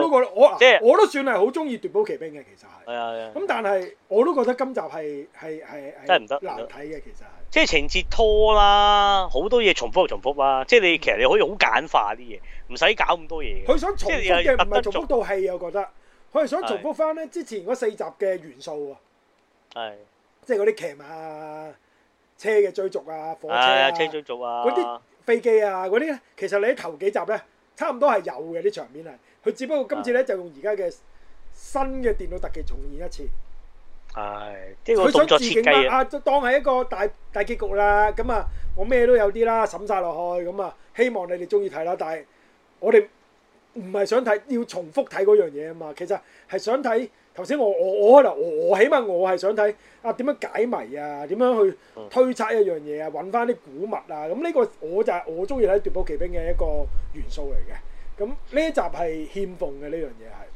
A: 即
B: 係我都算係
A: 好中意奪寶奇兵嘅，其實係。咁
B: 但係我都覺得今集係係係係真係唔得難睇嘅，其實係。
A: 即係情節拖啦，好多嘢重複又重複啊！即係你其實你可以好簡化啲嘢，唔使搞咁多嘢。佢想重複嘅唔係重複到
B: 戲，我覺得佢係想重複翻呢之前嗰四集嘅元素啊。
A: 係。
B: 即係嗰啲騎啊，車嘅追逐啊，火車啊，車
A: 追逐啊啲。
B: 飛機啊嗰啲咧，其實你喺頭幾集咧，差唔多係有嘅啲場面啊。佢只不過今次咧就用而家嘅新嘅電腦特技重現一次。
A: 係、哎，即係個動作設計啊。
B: 啊，當係一個大大結局啦。咁啊，我咩都有啲啦，審晒落去。咁啊，希望你哋中意睇啦。但係我哋唔係想睇，要重複睇嗰樣嘢啊嘛。其實係想睇。頭先我我我嗱，我我起碼我係想睇啊，點樣解謎啊，點樣去推測一樣嘢啊，揾翻啲古物啊，咁、嗯、呢、這個我就係、是、我中意睇奪寶奇兵嘅一個元素嚟嘅。咁、嗯、呢一集係欠奉嘅呢樣嘢係。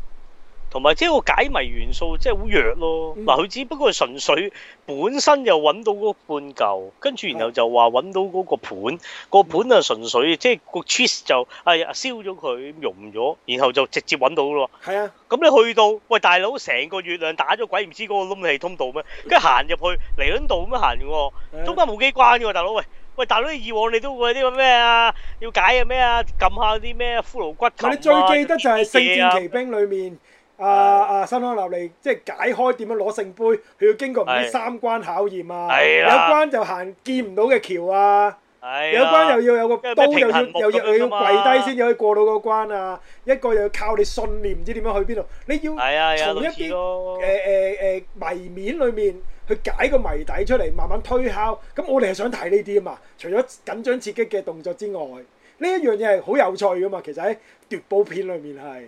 A: 同埋即係個解謎元素即係好弱咯，嗱佢只不過純粹本身就揾到嗰半嚿，跟住然後就話揾到嗰個盤，個盤啊純粹即係個 cheese 就係燒咗佢溶咗，然後就直接揾到咯喎。係啊，咁你去到喂，大佬，成個月亮打咗鬼唔知嗰個窿氣通道咩？跟住行入去嚟緊度咁樣行嘅喎，中間冇機關嘅喎，大佬喂，喂大佬，以往你都會嗰啲咩啊要解嘅咩啊，撳下啲咩骷髏骨頭啊啲嘢啊，係你最記得就係《聖戰奇
B: 兵》裏面。啊啊！辛康納利即係解開點樣攞聖杯，佢要經過唔知三關考驗啊！係啊！有關就行見唔到嘅橋啊！係啊！
A: 有關又要
B: 有個刀，又要又要又要跪低先至可以過到個關啊！一個又要靠你信念，唔知點樣去邊度？你
A: 要從一啲
B: 誒誒誒謎面裏面去解個謎底出嚟，慢慢推敲。咁我哋係想睇呢啲啊嘛！除咗緊張刺激嘅動作之外，呢一樣嘢係好有趣噶嘛！其實喺奪寶片裏面係。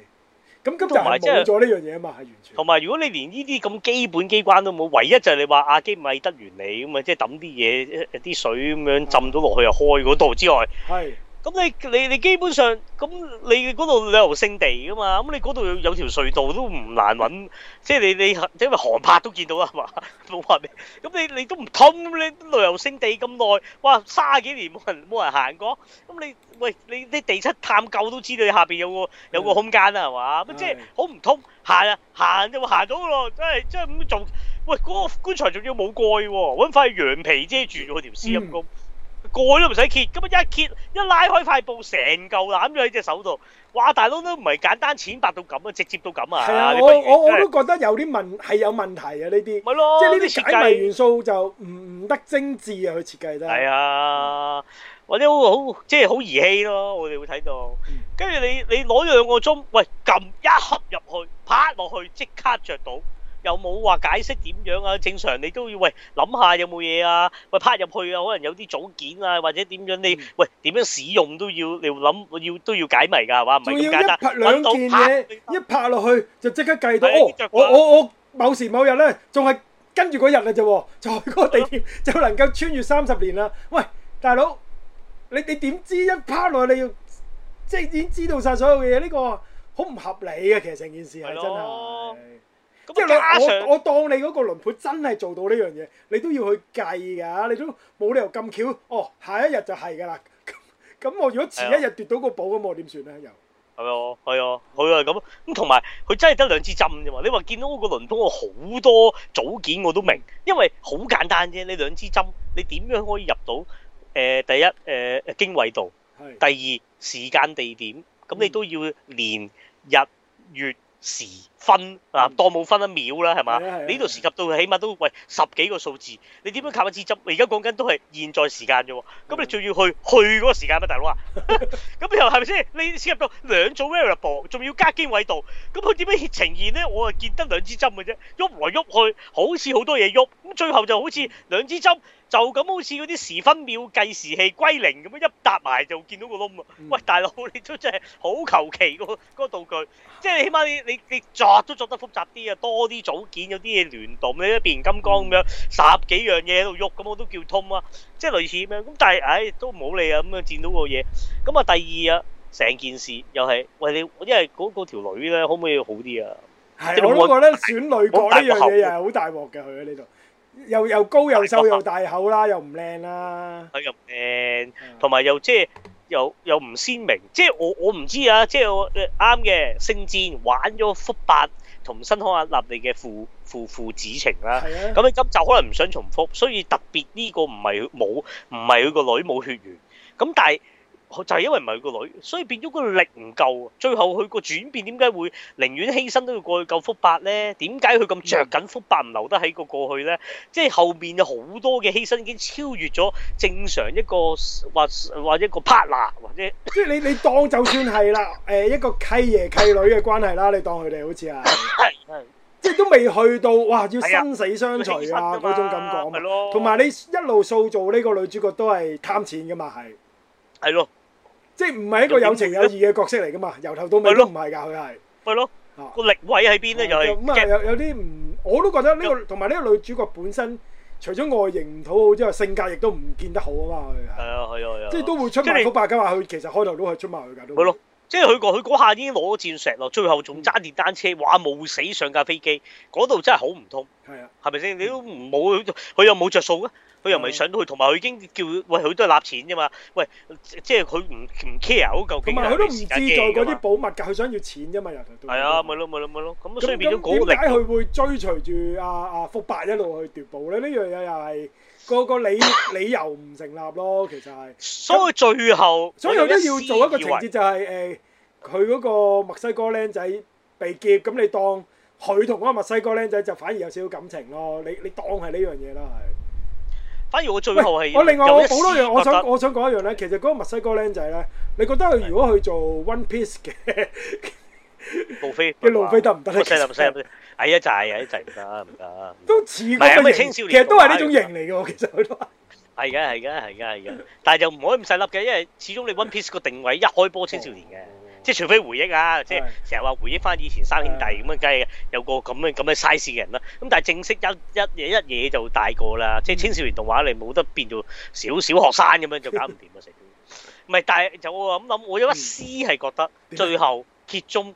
B: 咁今日冇咗呢樣嘢啊嘛，係、就是、完
A: 全。同埋如果你連呢啲咁基本機關都冇，唯一就係你話阿、啊、基米德原理咁、就是、啊，即係揼啲嘢啲水咁樣浸咗落去又開嗰度之外，係。咁你你你基本上，咁你嗰度旅遊勝地㗎嘛，咁你嗰度有有條隧道都唔難揾，即係你你因為航拍都見到啦，係嘛？冇話咩？咁你你都唔通，你旅遊勝地咁耐，哇，卅幾年冇人冇人行過，咁你喂你啲地質探究都知道你下邊有個、嗯、有個空間啦，係嘛？咁、嗯、即係好唔通行啊行就行到喎，真係真係咁做，喂嗰、嗰個棺材仲要冇蓋喎，揾塊羊皮遮住佢條屍陰功。嗯蓋都唔使揭，咁啊一揭一拉開塊布，成嚿攬咗喺隻手度。哇！大佬都唔係簡單淺白到咁啊，直接到咁啊！啊我我是我都
B: 覺得有啲問係有問題啊。呢啲咪咯，即係呢啲設計元素就唔唔得
A: 精緻啊。佢設計得係啊，或者好好即係好兒戲咯。我哋會睇到，跟住、嗯、你你攞咗兩個鐘，喂撳一盒入去，啪落去即刻着到。有冇話解釋點樣啊？正常你都要喂諗下有冇嘢啊？喂拍入去啊，可能有啲組件啊，或者點樣你喂點樣使用都要，你要諗要都要解謎噶係嘛？唔係咁簡單。仲要，一拍兩件嘢，
B: 一拍落去就即刻計到哦！我我我某時某日咧，仲係跟住嗰日啊，啫喎，在嗰個地點就能夠穿越三十年啦！喂，大佬，你你點知一拍落去你要即係已經知道晒所有嘢？呢個好唔合理嘅，其實成件事係真係。
A: 即係我上我我
B: 當你嗰個輪盤真係做到呢樣嘢，你都要去計㗎，你都冇理由咁巧哦，下一日就係㗎啦。咁我如果前一日跌到個
A: 寶咁，我點算咧？又係啊，係啊，佢係咁。咁同埋佢真係得兩支針啫嘛。你話見到我個輪盤，我好多組件我都明，因為好簡單啫。你兩支針，你點樣可以入到？誒、呃，第一誒誒、呃、經緯度，第二時間地點，咁你都要年、日、月。嗯時分嗱，當冇分一秒啦，係嘛？你呢度涉及到起碼都喂十幾個數字，你點樣靠一支針？而家講緊都係現在時間啫喎，咁你仲要去去嗰個時間咩，大佬啊？咁你 [laughs] [laughs] 又係咪先？你涉及到兩組 variable，仲要加經緯度，咁佢點樣呈現咧？我係見得兩支針嘅啫，喐來喐去，好似好多嘢喐，咁最後就好似兩支針。就咁好似嗰啲時分秒計時器歸零咁啊，一搭埋就見到個窿啊！喂，大佬你都真係好求其嗰個道具，即係起碼你你你作都作得複雜啲啊，多啲組件，有啲嘢聯動咧，變形金剛咁樣十幾樣嘢喺度喐咁，我都叫通啊！即係類似咩咁，但係唉都唔好理啊咁啊，見到個嘢咁啊，第二啊，成件事又係喂你，因為嗰嗰條女咧，可唔可以好啲啊？係我都
B: 覺得選女角呢樣嘢又係好大鑊嘅，佢喺呢度。又又高又瘦又大口啦，
A: 又唔靚啦。又唔靚，同埋又即係又又唔鮮明。即係我我唔知啊。即係我啱嘅升遷，聖戰玩咗福伯同辛康納利嘅父父父子情啦。咁、啊、你咁就可能唔想重複，所以特別呢個唔係冇，唔係佢個女冇血緣。咁但係，就係因為唔係佢個女，所以變咗個力唔夠。最後佢個轉變點解會寧願犧牲都要過去救福伯咧？點解佢咁着緊福伯唔留得喺個過去咧？即係後面有好多嘅犧牲已經超越咗正常一個或或一個 partner 或者，即係你你
B: 當就算係啦，誒一個契爺契女嘅關係啦，你當佢哋好似係，係 [laughs] 即係都未去到哇，要生死相隨啊嗰種、哎啊、感覺。係咯，同埋你一路塑造呢個女主角都係貪錢嘅嘛，係係咯。即係唔係一個有情有義嘅角色嚟噶嘛？由頭到尾都唔係噶，佢係。
A: 係咯。個力位喺邊咧？就咁
B: 啊！有有啲唔，我都覺得呢個同埋呢個女主角本身，除咗外形唔好之外，性格亦都唔見得好啊嘛！佢係啊，係
A: 啊，係啊，即係都會出賣
B: 福伯噶嘛！佢其實開頭都係出埋去
A: 噶。係咯。即係佢佢嗰下已經攞咗鑽石咯，最後仲揸電單車，哇！冒死上架飛機，嗰度真係好唔通。係啊。係咪先？你都唔冇佢，佢又冇着數啊？佢又咪上到去，同埋佢已經叫喂，佢都係攬錢啫嘛。喂，即係佢唔唔 care 好嚿同埋佢都唔志在嗰啲
B: 保密㗎，佢想要錢啫嘛，其
A: 實都係啊，咪咯咪咯咪咯。咁所以變咗果力。咁點解佢
B: 會追隨住阿阿福伯一路去奪寶咧？呢樣嘢又係個個理 [laughs] 理由唔成立咯，其實係。
A: [laughs] 實所以最後，所以佢都要做一個情節，
B: 就係，就係誒，佢嗰、呃、個墨西哥僆仔被劫，咁你當佢同嗰個墨西哥僆仔就反而有少少感情咯。你你，你當係呢樣嘢啦，係。
A: 反而我最後係，我另外我好多樣，我想我
B: 想講一樣咧。其實嗰個墨西哥僆仔咧，你覺得佢如果去做 One Piece 嘅
A: 路飛嘅路飛得唔得咧？細粒細粒，矮一拃又一拃唔得唔
B: 得，都似個青少年其實都係呢種型嚟嘅，我其實佢都
A: 係嘅係嘅係嘅係嘅，但係就唔可以咁細粒嘅，因為始終你 One Piece 個定位一開波青少年嘅。即係除非回憶啊，即係成日話回憶翻以前三兄弟咁對啊，梗係有個咁嘅咁嘅 size 嘅人啦。咁但係正式一一嘢一嘢就大個啦。即係、嗯、青少年動畫你冇得變做小小學生咁樣就搞唔掂啊！成， [laughs] 唔係，但係就我諗諗，我有一絲係覺得、嗯、最後結宗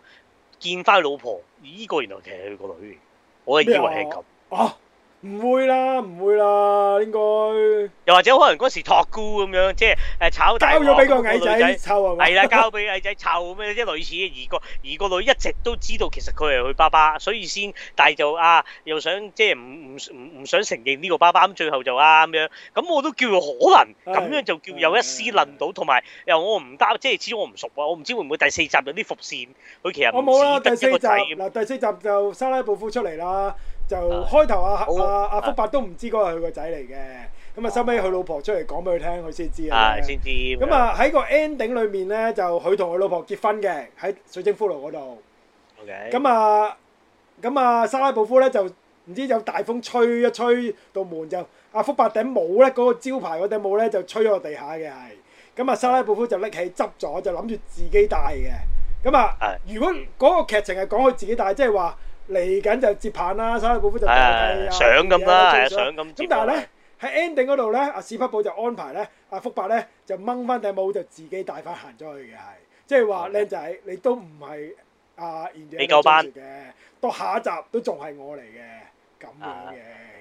A: 見翻老婆，咦、呢個原來其實佢個女，我係以為係咁。
B: 唔會啦，唔會啦，應該。
A: 又或者可能嗰時託孤咁樣，即係誒炒交咗俾個矮仔湊係啦，交俾矮仔湊咩樣，即類似嘅。而個而個女一直都知道，其實佢係佢爸爸，所以先但係就啊，又想即係唔唔唔唔想承認呢個爸爸咁，最後就啱咁樣。咁我都叫佢可能，咁樣就叫有一絲諗到。同埋又我唔得，即係始終我唔熟啊，我唔知會唔會第四集有啲伏線。佢其實我冇啦，第四集
B: 嗱，第四集就沙拉布夫出嚟啦。就開頭啊啊阿福伯都唔知嗰個係佢個仔嚟嘅，咁啊收尾佢老婆出嚟講俾佢聽，佢先知啊。係，先
A: 知。咁啊喺
B: 個 ending 裏面咧，就佢同佢老婆結婚嘅，喺水晶骷髏嗰度。
A: OK。咁啊，
B: 咁啊，沙拉布夫咧就唔知有大風吹一吹到門就阿福伯頂帽咧，嗰個招牌嗰頂帽咧就吹咗地下嘅係。咁啊，沙拉布夫就拎起執咗，就諗住自己戴嘅。咁啊，如果嗰個劇情係講佢自己戴，即係話。嚟緊就接棒啦，沙利保夫就接啊，相咁啦，係啊，相咁。咁但係咧喺 ending 嗰度咧，阿史匹堡就安排咧，阿福伯咧就掹翻頂帽就自己帶翻行咗去嘅，係即係話靚仔，你都唔係阿演你夠班嘅，到下一集都仲係我嚟嘅咁樣嘅。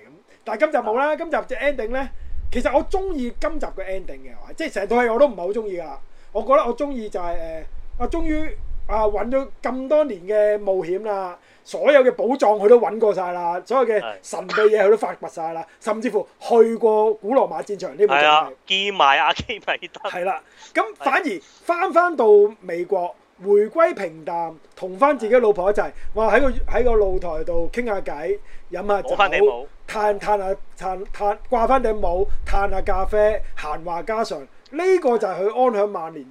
B: 咁，但係今集冇啦。今集嘅 ending 咧，其實我中意今集嘅 ending 嘅，即係成套戲我都唔係好中意㗎。我覺得我中意就係誒，我終於啊揾咗咁多年嘅冒險啦。所有嘅寶藏佢都揾過晒啦，所有嘅神秘嘢佢都發掘晒啦，甚至乎去過古羅馬戰場呢部就係
A: 見埋阿基米德。係啦，
B: 咁反而翻翻到美國，是的 回歸平淡，同翻自己老婆一齊，我喺個喺個露台度傾下偈，飲下酒，嘆嘆下嘆嘆，掛翻頂帽，嘆下咖啡，閒話家常，呢、這個就係佢安享晚年。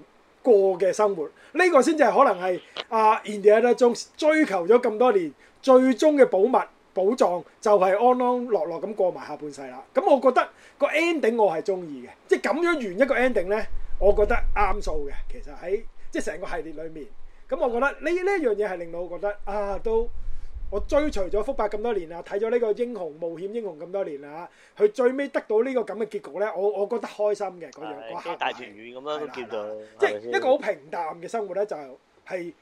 B: 過嘅生活，呢、這個先至係可能係啊，Indiana Jones 咧，仲、uh, 追求咗咁多年，最終嘅寶物、寶藏就係安安落落安安樂樂咁過埋下半世啦。咁、嗯、我覺得個 ending 我係中意嘅，即係咁樣完一個 ending 咧，我覺得啱數嘅。其實喺即係成個系列裡面，咁、嗯、我覺得呢呢一樣嘢係令到我覺得啊都。我追隨咗福伯咁多年啦，睇咗呢個英雄冒險英雄咁多年啦，佢最尾得到呢個咁嘅結局咧，我我覺得開心嘅嗰樣，哇，大團圓咁
A: 樣都見到，即係一個好平
B: 淡嘅生活咧，就係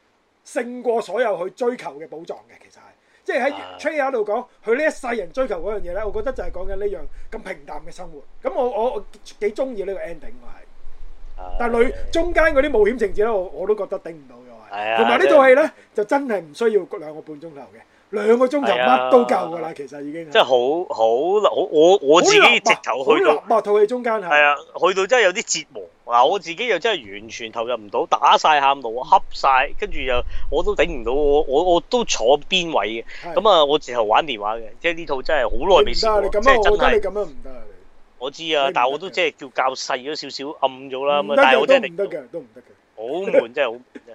B: 勝過所有去追求嘅寶藏嘅。其實係，即係喺 Tray 喺度講，佢呢一世人追求嗰樣嘢咧，我覺得就係講緊呢樣咁平淡嘅生活。咁我我幾中意呢個 ending，我係，但係中間嗰啲冒險情節咧，我我都覺得頂唔到嘅，同埋呢套戲咧就真係唔需要兩個半鐘頭嘅。兩個鐘頭乜都夠㗎啦，其實已經係
A: 即係好好，我我自己直頭去到，好密套喺中間係啊，去到真係有啲折磨。嗱，我自己又真係完全投入唔到，打晒喊路，恰晒。跟住又我都頂唔到，我我都坐邊位嘅，咁啊，我直頭玩電話嘅，即係呢套真係好耐未試過。唔得，咁真係
B: 咁樣唔
A: 得。我知啊，但係我都即係叫較細咗少少，暗咗啦。唔得，我都唔得嘅，都唔得嘅。好悶，真係好，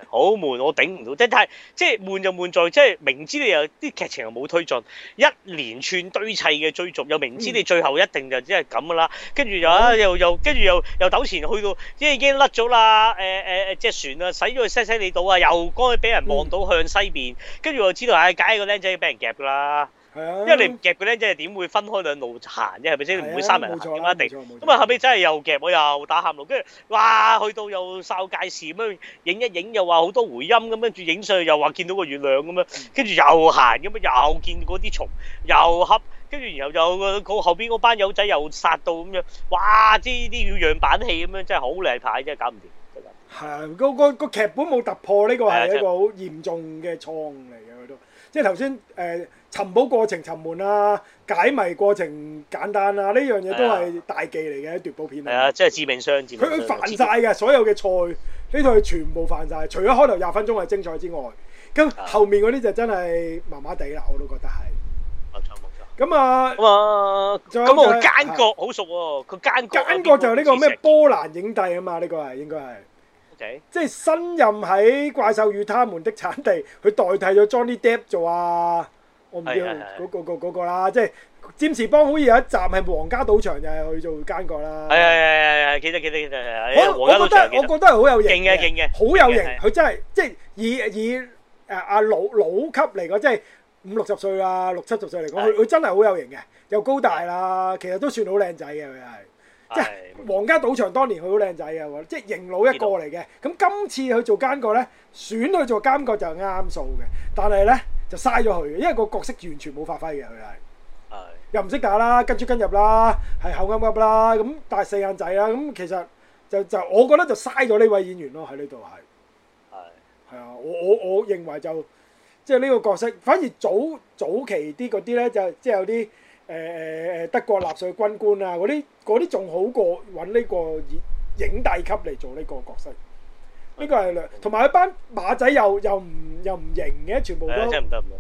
A: 好悶，我頂唔到。即係但係，即係悶就悶在，即係明知你又啲劇情又冇推進，一連串堆砌嘅追逐，又明知你最後一定就即係咁噶啦。跟住又啊，又又跟住又又，又，又陡前去到，即係已經甩咗啦。誒誒誒，即、呃、隻船啊，洗咗去西西里島啊，又剛好俾人望到向西邊，跟住、嗯、就知道啊，梗、哎、係個僆仔要俾人夾噶啦。因為你唔夾佢咧，即係點會分開兩路行啫？係咪先？你唔的會三人行噶錯一定咁啊！後尾真係又夾我又打喊路，跟住哇去到又哨界線咁樣影一影，又話好多回音咁跟住影上去又話見到個月亮咁樣，跟住又行咁樣又見嗰啲蟲又恰，跟住然後又個後邊嗰班友仔又殺到咁樣，哇！即係呢啲叫樣板戲咁樣，真係好靚牌，真係搞唔掂。
B: 係啊，嗰個、嗰個嗰個劇本冇突破，呢個係一個好嚴重嘅錯誤嚟嘅，佢都即係頭先誒。呃尋寶過程沉悶啊，解謎過程簡單啊，呢樣嘢都係大忌嚟嘅奪寶片。
A: 係啊，即係致命傷，致命傷。佢佢犯
B: 晒嘅所有嘅菜，呢套係全部犯晒。除咗開頭廿分鐘係精彩之外，咁後面嗰啲就真係麻麻地啦。我都覺得係
A: 冇錯，冇錯。咁啊，咁啊，咁我奸角好熟喎。佢奸角奸角就係呢個咩
B: 波蘭影帝啊嘛？呢個係應該係 OK，即係新任喺《怪獸與牠們的產地》佢代替咗 Johnny Depp 做啊。我唔知嗰個個嗰個啦，即係《占士邦》好似有一集係《皇家賭場》就係去做奸
A: 角啦。係係記得記得記得。我我覺得我覺得係好有型嘅，勁嘅好有型。
B: 佢真係即係以以誒阿老老級嚟講，即係五六十歲啦，六七十歲嚟講，佢佢真係好有型嘅，又高大啦，其實都算好靚仔嘅佢係。即係《皇家賭場》當年佢好靚仔嘅，即係型老一個嚟嘅。咁今次去做奸角咧，選去做奸角就啱數嘅，但係咧。就嘥咗佢，因為個角色完全冇發揮嘅佢係，的又唔識打啦，跟出跟入啦，係口噏噏啦，咁但係四眼仔啦，咁其實就就我覺得就嘥咗呢位演員咯喺呢度係，係係啊，我我我認為就即係呢個角色，反而早早期啲嗰啲咧就即係有啲誒誒誒德國納粹軍官啊嗰啲啲仲好過揾呢個影影帝級嚟做呢個角色。呢個係兩，同埋嗰班馬仔又又唔又唔型嘅，全部都即係唔
A: 得唔得，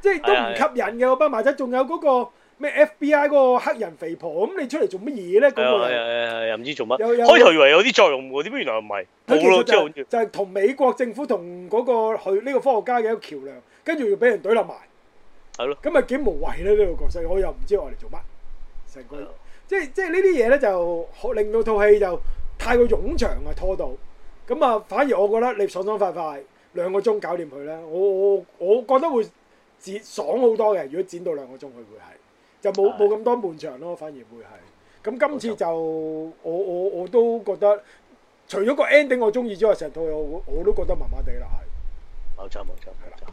A: 即係都唔吸
B: 引嘅嗰班馬仔，仲有嗰個咩 FBI 嗰個黑人肥婆，咁你出嚟做乜嘢咧？係啊係啊
A: 係啊！又唔知做乜。開頭以為有啲作用喎，點解原來唔係冇咯？即係就係同美
B: 國政府同嗰個去呢個科學家嘅一個橋梁，跟住要俾人懟冧埋。係咯。咁咪幾無謂咧？呢個角色我又唔知我嚟做乜。
A: 成個
B: 即係即係呢啲嘢咧，就令到套戲就太過冗長啊！拖到。咁啊，反而我覺得你爽爽快快兩個鐘搞掂佢咧，我我我覺得會剪爽好多嘅。如果剪到兩個鐘，佢會係就冇冇咁多悶場咯，反而會係。咁今次就錯我我我都覺得，除咗個 ending 我中意之外，成套我我都覺得麻麻地啦，係。冇錯冇錯，係啦。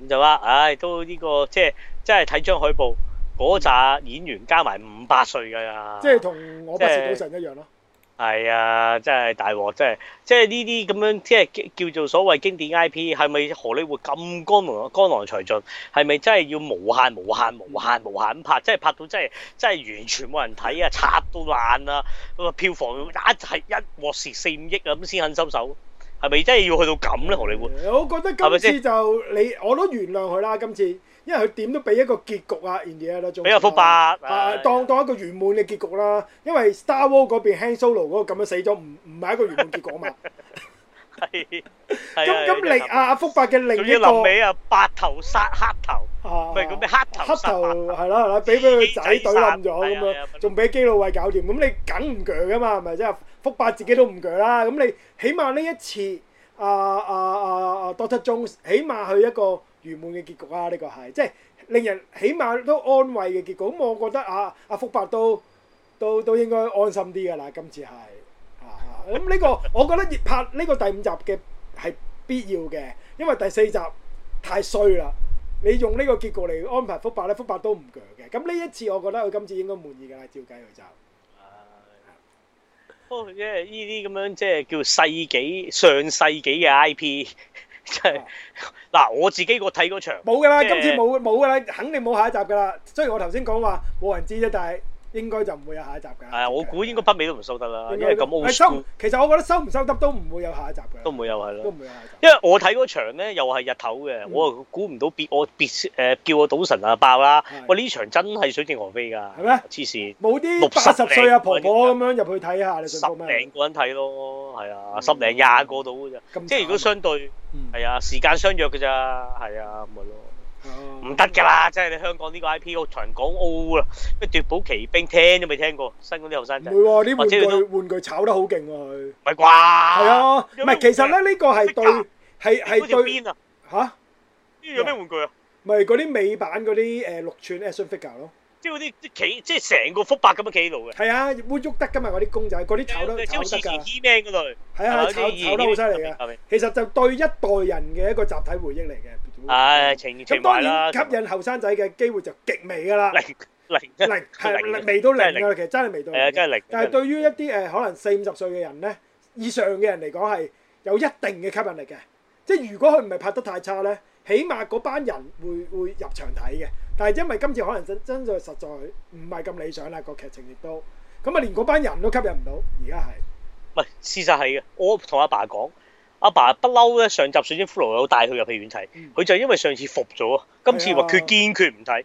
A: 咁的就啦，唉、哎，都呢、這個即係即係睇張海報嗰扎、嗯、演員加埋五百歲㗎呀！即係同我不是賭神一樣咯。是係啊，真係大鑊，真係即係呢啲咁樣，即係叫做所謂經典 IP，係咪荷里活咁江郎啊？江郎才盡，係咪真係要無限無限無限無限咁拍？真係拍到真係真係完全冇人睇啊！拆到爛啊！個票房一係一鑊蝕四五億啊，咁先肯收手，係咪真係要去到咁咧？荷里活、
B: 嗯，我覺得今次就，係咪今次就你我都原諒佢啦，今次。因為佢點都俾一個結局啊，終結啦，仲俾阿福伯啊，當當一個圓滿嘅結局啦。因為 Star War 嗰邊 Han Solo 嗰個咁樣死咗，唔唔係一個圓滿結局嘛。
A: 係。咁咁另阿
B: 阿福伯嘅另一個，總之臨尾
A: 啊，白頭殺黑頭，唔係咁咩？
B: 黑黑頭係咯，俾佢個仔懟冧咗咁樣，仲俾基努衛搞掂。咁你梗唔鋸噶嘛？咪即係福伯自己都唔鋸啦。咁你起碼呢一次，阿阿阿阿 Doctor Jones，起碼佢一個。完滿嘅結局啊！呢、這個係即係令人起碼都安慰嘅結局。咁我覺得啊，阿、啊啊、福伯都都都應該安心啲㗎啦。今次係啊，咁、嗯、呢、這個我覺得拍呢個第五集嘅係必要嘅，因為第四集太衰啦。你用呢個結局嚟安排福伯咧，福伯都唔強嘅。咁呢一次我覺得佢今次應該滿意㗎啦，照計佢就。
A: 哦，因為呢啲咁樣即係叫世紀、上世紀嘅 IP。即係 [laughs] 我自己個睇嗰場冇㗎喇，沒今次冇
B: 冇㗎喇，沒肯定冇下一集㗎喇。雖然我頭先講話冇人知啫，但係。應該就唔會有
A: 下一集㗎。係啊，我估應該北美都唔收得啦，因為咁。收
B: 其實我覺得收唔收得都唔會有下一集
A: 嘅。都唔會有係咯。都唔會有下集。因為我睇嗰場咧，又係日頭嘅，我估唔到別我別誒叫我賭神啊爆啦！喂，呢場真係水盡鵝飛㗎。係咩？黐線。冇啲六七十歲阿婆婆咁
B: 樣入去睇下，你仲講咩？十
A: 零個人睇咯，係啊，十零廿個到㗎咋。即係如果相對，係啊，時間相約㗎咋，係啊，咪咯。唔得噶啦！即係你香港呢個 IPO 長港澳啦，咩奪寶奇兵聽都未聽過，新嗰啲後生唔會喎，啲玩具
B: 玩具炒得好勁啊！佢咪啩？係啊，唔係其實咧呢個係對係係對邊啊？
A: 吓？有咩
B: 玩具啊？咪嗰啲美版嗰啲誒六寸 action figure
A: 咯，即係嗰啲企，即係成個福白咁樣企喺度
B: 嘅。係啊，會喐得噶嘛？嗰啲公仔，嗰啲炒得好唔得噶
A: ？man 類，係啊，炒得好犀利嘅。
B: 其實就對一代人嘅一個集體回憶嚟嘅。
A: 唉，情情懷啦，當然，吸引
B: 後生仔嘅機會就極
A: 微㗎啦，零零零係零，微到零㗎啦，
B: 其實真係微到零。係零。但係對於一啲誒可能四五十歲嘅人咧，以上嘅人嚟講係有一定嘅吸引力嘅。即係如果佢唔係拍得太差咧，起碼嗰班人會會入場睇嘅。但係因為今次可能真真在實在唔係咁理想啦，個劇情亦都咁啊，連嗰班人都吸引唔到。而家係，
A: 唔係事實係嘅。我同阿爸講。阿爸不嬲咧，上集水晶骷髏有帶佢入戲院睇，佢就因為上次服咗，今次話佢堅決唔睇。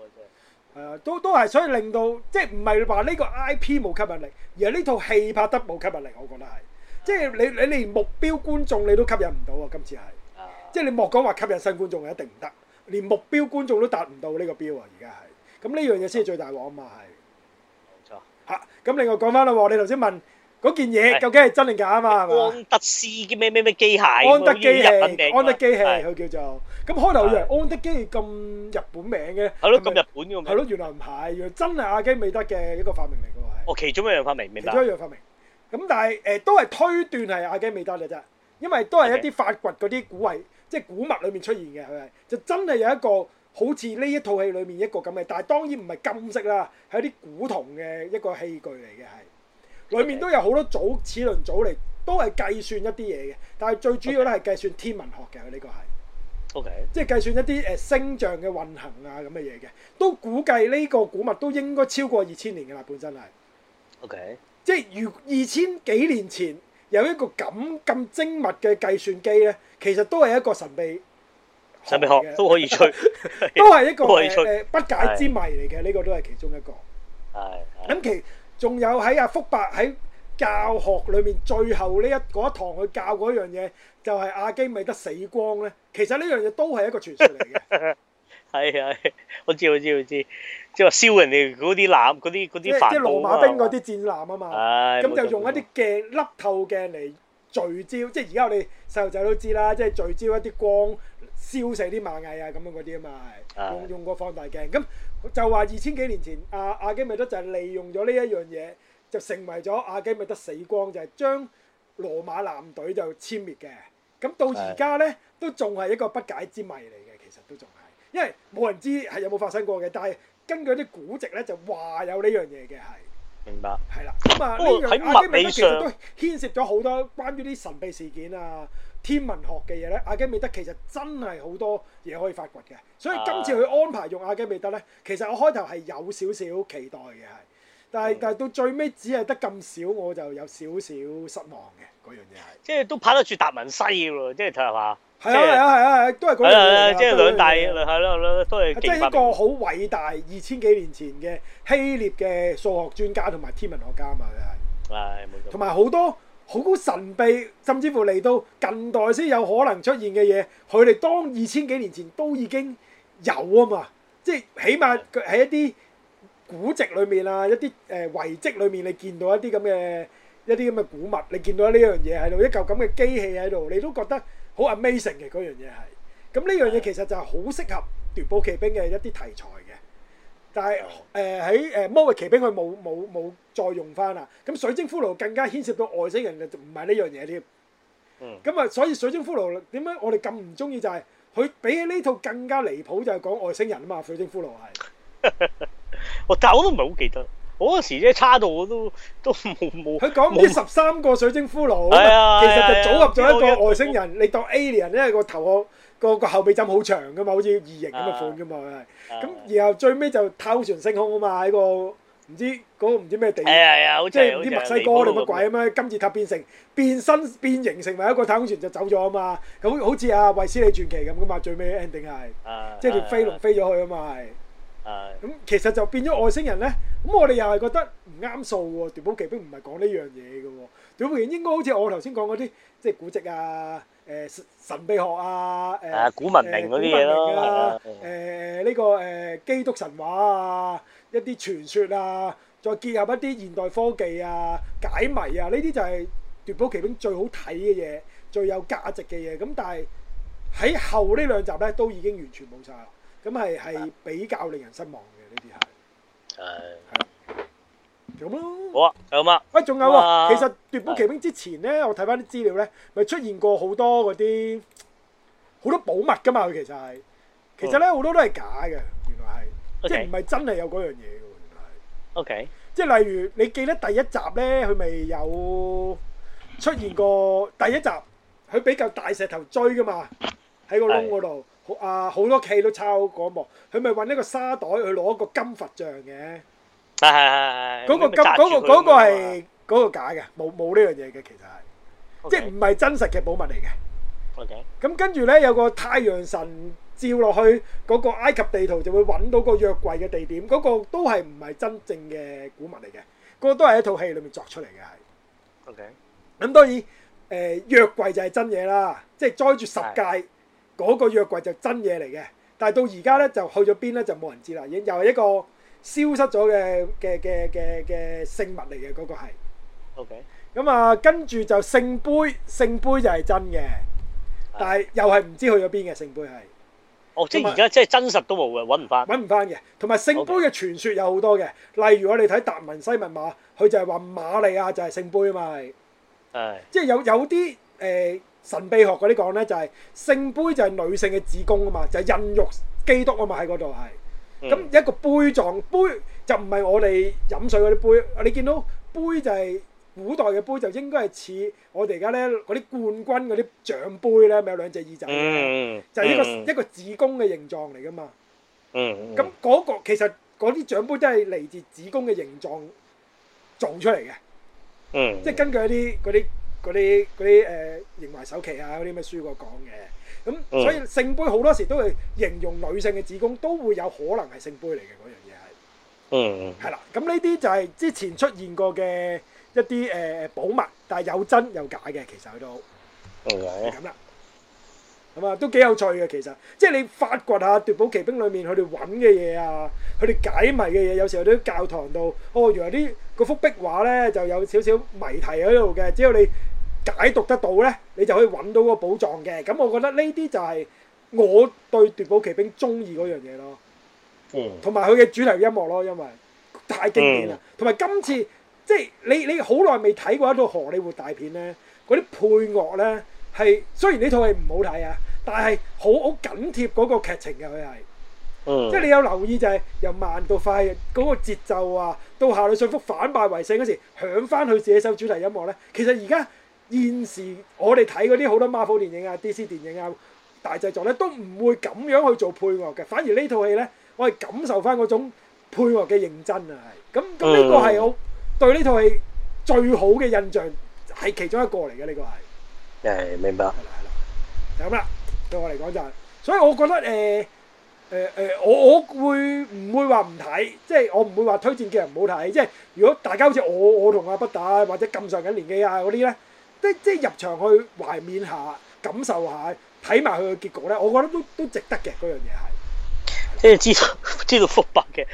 B: 係都都係，所以令到即係唔係話呢個 I P 冇吸引力，而係呢套戲拍得冇吸引力，我覺得係，即係你你連目標觀眾你都吸引唔到啊！今次係，即係你莫講話吸引新觀眾一定唔得，連目標觀眾都達唔到呢個標錯啊！而家係，咁呢樣嘢先係最大鑊啊嘛，係，
A: 冇錯，吓，
B: 咁另外講翻啦，你頭先問。嗰件嘢究竟係真定假啊？嘛，安德斯
A: 嘅咩咩咩機械，安德機器，安德機器，佢叫
B: 做咁。開頭以為安德機器咁日本名嘅，係咯咁日
A: 本嗰個名，係咯，原
B: 來唔係，原來真係阿基米德嘅一個發明嚟嘅
A: 喎。哦，其中一樣發明，其中一樣
B: 發明。咁但係誒、呃，都係推斷係阿基米德嚟啫，因為都係一啲發掘嗰啲古遺，Okay. 即係古物裏面出現嘅，佢係就真係有一個好似呢一套戲裏面一個咁嘅，但係當然唔係金色啦，係一啲古銅嘅一個器具嚟嘅係。裏面都有好多組齒輪組嚟，都係計算一啲嘢嘅。但係最主要咧係計算天文學嘅呢、這個係，OK，即係計算一啲誒、呃、星象嘅運行啊咁嘅嘢嘅。都估計呢個古物都應該超過二千年㗎喇，本身係，OK，即係如二千幾年前有一個咁咁精密嘅計算機咧，其實都係一個神秘
A: 神秘學嘅，都可以吹， [laughs] 都係一個誒、呃、不解之謎
B: 嚟嘅。呢對個都係其中一個，係，咁其。仲有喺阿福伯喺教學裏面最後呢一一堂去教嗰樣嘢，就係阿基米德死光咧，其實呢樣嘢都係一個傳説嚟
A: 嘅。係係，我知我知我知，即係話燒人哋嗰啲艦、嗰啲啲帆布啊。即係羅馬兵嗰
B: 啲戰艦啊嘛。係唉，咁就用一啲鏡凹用透鏡嚟聚焦。即係而家我哋細路仔都知啦，即係聚焦一啲光。燒死啲螞蟻啊咁樣嗰啲啊嘛，用用個放大鏡咁就話二千幾年前阿、啊、阿基米德就係利用咗呢一樣嘢，就成為咗阿基米德死光，就係、是、將羅馬艦隊就殲滅嘅。咁到而家咧都仲係一個不解之謎嚟嘅，其實都仲係，因為冇人知係有冇發生過嘅。但係根據啲古籍咧就話有呢樣嘢嘅係。明白。係啦。咁啊呢樣阿基米德其實都牽涉咗好多關於啲神秘事件啊。天文學嘅嘢咧，阿基米德其實真係好多嘢可以發掘嘅，所以今次佢安排用阿基米德咧，其實我開頭係有少少期待嘅，係，但係但係到最尾只係得咁
A: 少，我就有少少失望嘅嗰樣嘢係。即係都拍得住達文西㗎喎，即係係嘛？係啊係啊係啊係啊，都係嗰樣嘢即係兩大係咯，都係。即係一個好
B: 偉大，二千幾年前嘅希臘嘅數學專家同埋天文學家啊嘛，佢係。
A: 係冇錯。同
B: 埋好多。好神秘，甚至乎嚟到近代先有可能出現嘅嘢，佢哋當二千幾年前都已經有啊嘛！即係起碼佢喺一啲古籍裏面啊，一啲誒遺跡裏面，你見到一啲咁嘅一啲咁嘅古物，你見到呢樣嘢喺度一舊咁嘅機器喺度，你都覺得好 amazing 嘅樣嘢係，咁呢樣嘢其實就係好適合奪寶奇兵嘅一啲題材。但係誒喺誒魔域奇兵佢冇冇冇再用翻啦，咁水晶骷髏更加牽涉到外星人嘅，就唔係呢樣嘢添。嗯。咁啊，所以水晶骷髏點解我哋咁唔中意就係佢比起呢套更加離譜，就係講外星人啊嘛，水晶骷髏係。我但我都唔係好記得，好多時即差到我都都冇冇。佢講呢十三個水晶骷髏，其實就組合咗一個外星人，你當 alien 咧個頭殼。個個後尾枕好長噶嘛，好似異形咁嘅款噶嘛，係咁然後最尾就太空船升空啊嘛，喺個唔知嗰個唔知咩地，係啊，即係唔知墨西哥定乜鬼啊嘛，金字塔變成變身變形成為一個太空船就走咗啊嘛，咁好似啊衛斯理傳奇咁噶嘛，最尾 ending 係，即係條飛龍飛咗去啊嘛，係，咁其實就變咗外星人咧，咁我哋又係覺得唔啱數喎，奪寶奇兵唔係講呢樣嘢嘅喎，奪寶奇兵應該好似我頭先講嗰啲即係古蹟啊。誒、呃、神秘學啊！
A: 誒、呃、古文明嗰啲嘢咯，誒呢、
B: 呃這個誒、呃、基督神話啊，一啲傳說啊，再結合一啲現代科技啊，解謎啊，呢啲就係奪寶奇兵最好睇嘅嘢，最有價值嘅嘢。咁但係喺後呢兩集咧，都已經完全冇晒啦。咁係係比較令人失望嘅，呢啲係係。的咁咯，
A: 好啊哇，咁啊，喂，仲有啊！哇其實
B: 奪寶奇兵之前咧，對 我睇翻啲資料咧，咪出現過好多嗰啲好多寶物噶嘛，佢其實係，
A: 其實咧好、嗯、
B: 多都係假嘅，原來係，Okay 即係唔係真係有嗰樣嘢嘅，原來係，OK，即係例如你記得第一集咧，佢咪有出現過、嗯、第一集，佢比較大石頭追噶嘛，喺個窿嗰度，對 啊好多戲都抄嗰幕，佢咪揾一個沙袋去攞一個金佛像嘅。
A: 係，嗰、那個金，嗰、那個嗰、那個係嗰、
B: 那個那個假嘅，冇冇呢樣嘢嘅，其實係，Okay. 即係唔係真實嘅寶物嚟嘅。O K，咁跟住咧有個太陽神照落去嗰、那個埃及地圖，就會搵到個約櫃嘅地點，嗰、那個都係唔係真正嘅古物嚟嘅，嗰、那個都係一套戲裏面作出嚟嘅係。O K，咁當然，誒、呃，約櫃就係真嘢啦，即係載住十誡嗰的個約櫃就真嘢嚟嘅，但係到而家咧就去咗邊咧就冇人知啦，又係一個。消失咗嘅嘅嘅嘅嘅聖物嚟嘅嗰個係，OK，咁啊、嗯，跟住就聖杯，聖杯就係真嘅，但係又係唔知去咗邊嘅聖杯係。
A: 哦，嗯、即係而家即係真實都冇嘅，揾唔翻，揾唔翻嘅。
B: 同埋聖杯嘅傳説有好多嘅，Okay. 例如我哋睇達文西密碼，佢就係話瑪利亞就係聖杯啊嘛，係、哎，即係有有啲誒、呃、神秘學嗰啲講咧，就係、是、聖杯就係女性嘅子宮啊嘛，就係、是、孕育，育基督啊嘛，喺嗰度係。咁、嗯、一個杯狀杯就唔係我哋飲水嗰啲杯，你見到杯就係古代嘅杯，就應該係似我哋而家咧嗰啲冠軍嗰啲獎杯咧，咪有兩隻耳仔、嗯嗯嗯、就係一個、嗯嗯、一個子宮嘅形狀嚟噶嘛。咁嗰、嗯嗯嗯嗰個其實嗰啲獎杯都係嚟自子宮嘅形狀做出嚟嘅。即係、嗯嗯嗯、根據一啲嗰啲啲啲誒形埋首期啊，嗰啲咩書嗰講嘅。咁所以聖杯好多時都係形容女性嘅子宮，都會有可能係聖杯嚟嘅嗰樣嘢係，嗯，係啦。咁呢啲就係之前出現過嘅一啲誒寶物，但係有真有假嘅，其實佢都係咁啦。咁啊，都幾有趣嘅，其實即係你發掘下奪寶奇兵裏面佢哋揾嘅嘢啊，佢哋解謎嘅嘢，有時候啲教堂度，哦，原來啲嗰幅壁畫咧就有少少謎題喺度嘅，只要你解讀得到咧。你就可以揾到個寶藏嘅，咁我覺得呢啲就係我對奪寶奇兵中意嗰樣嘢咯。
A: 同
B: 埋佢嘅主題音樂咯，因為太經典啦。同埋、嗯、今次即係你你好耐未睇過一套荷里活大片咧，嗰啲配樂咧係雖然呢套戲唔好睇啊，但係好好緊貼嗰個劇情嘅佢係。嗯、
A: 即係你
B: 有留意就係、是、由慢到快嗰、嗰個節奏啊，到夏裏信福反敗為勝嗰時響翻佢自己首主題音樂咧，其實而家。現時我哋睇嗰啲好多 Marvel 電影啊、DC 電影啊、大製作咧，都唔會咁樣去做配樂嘅。反而呢套戲咧，我係感受翻嗰種配樂嘅認真啊！係咁咁，呢個係我對呢套戲最好嘅印象，係其中一個嚟嘅。呢個係
A: 誒明白。係啦係啦，
B: 就咁啦。對我嚟講就係，所以我覺得誒誒誒，我我會唔會話唔睇？即係我唔會話推薦別人唔好睇。即係如果大家好似我我同阿不打或者咁上緊年紀啊嗰啲咧。即即入場去懷念下、感受下、睇埋佢嘅結局咧，我覺得都都值得嘅嗰樣嘢係。
A: 即係知道知道福伯嘅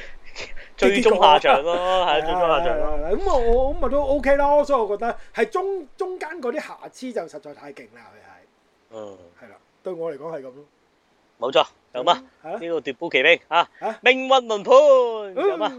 A: 最終下場咯，係最終下場咯。
B: 咁我我咁咪都 OK 咯，所以我覺得係中中間嗰啲瑕疵就實在太勁啦，係係。嗯，
A: 係啦，
B: 對我嚟講係咁咯。
A: 冇錯，走嗎？呢個奪寶奇兵嚇，命運輪盤走嗎？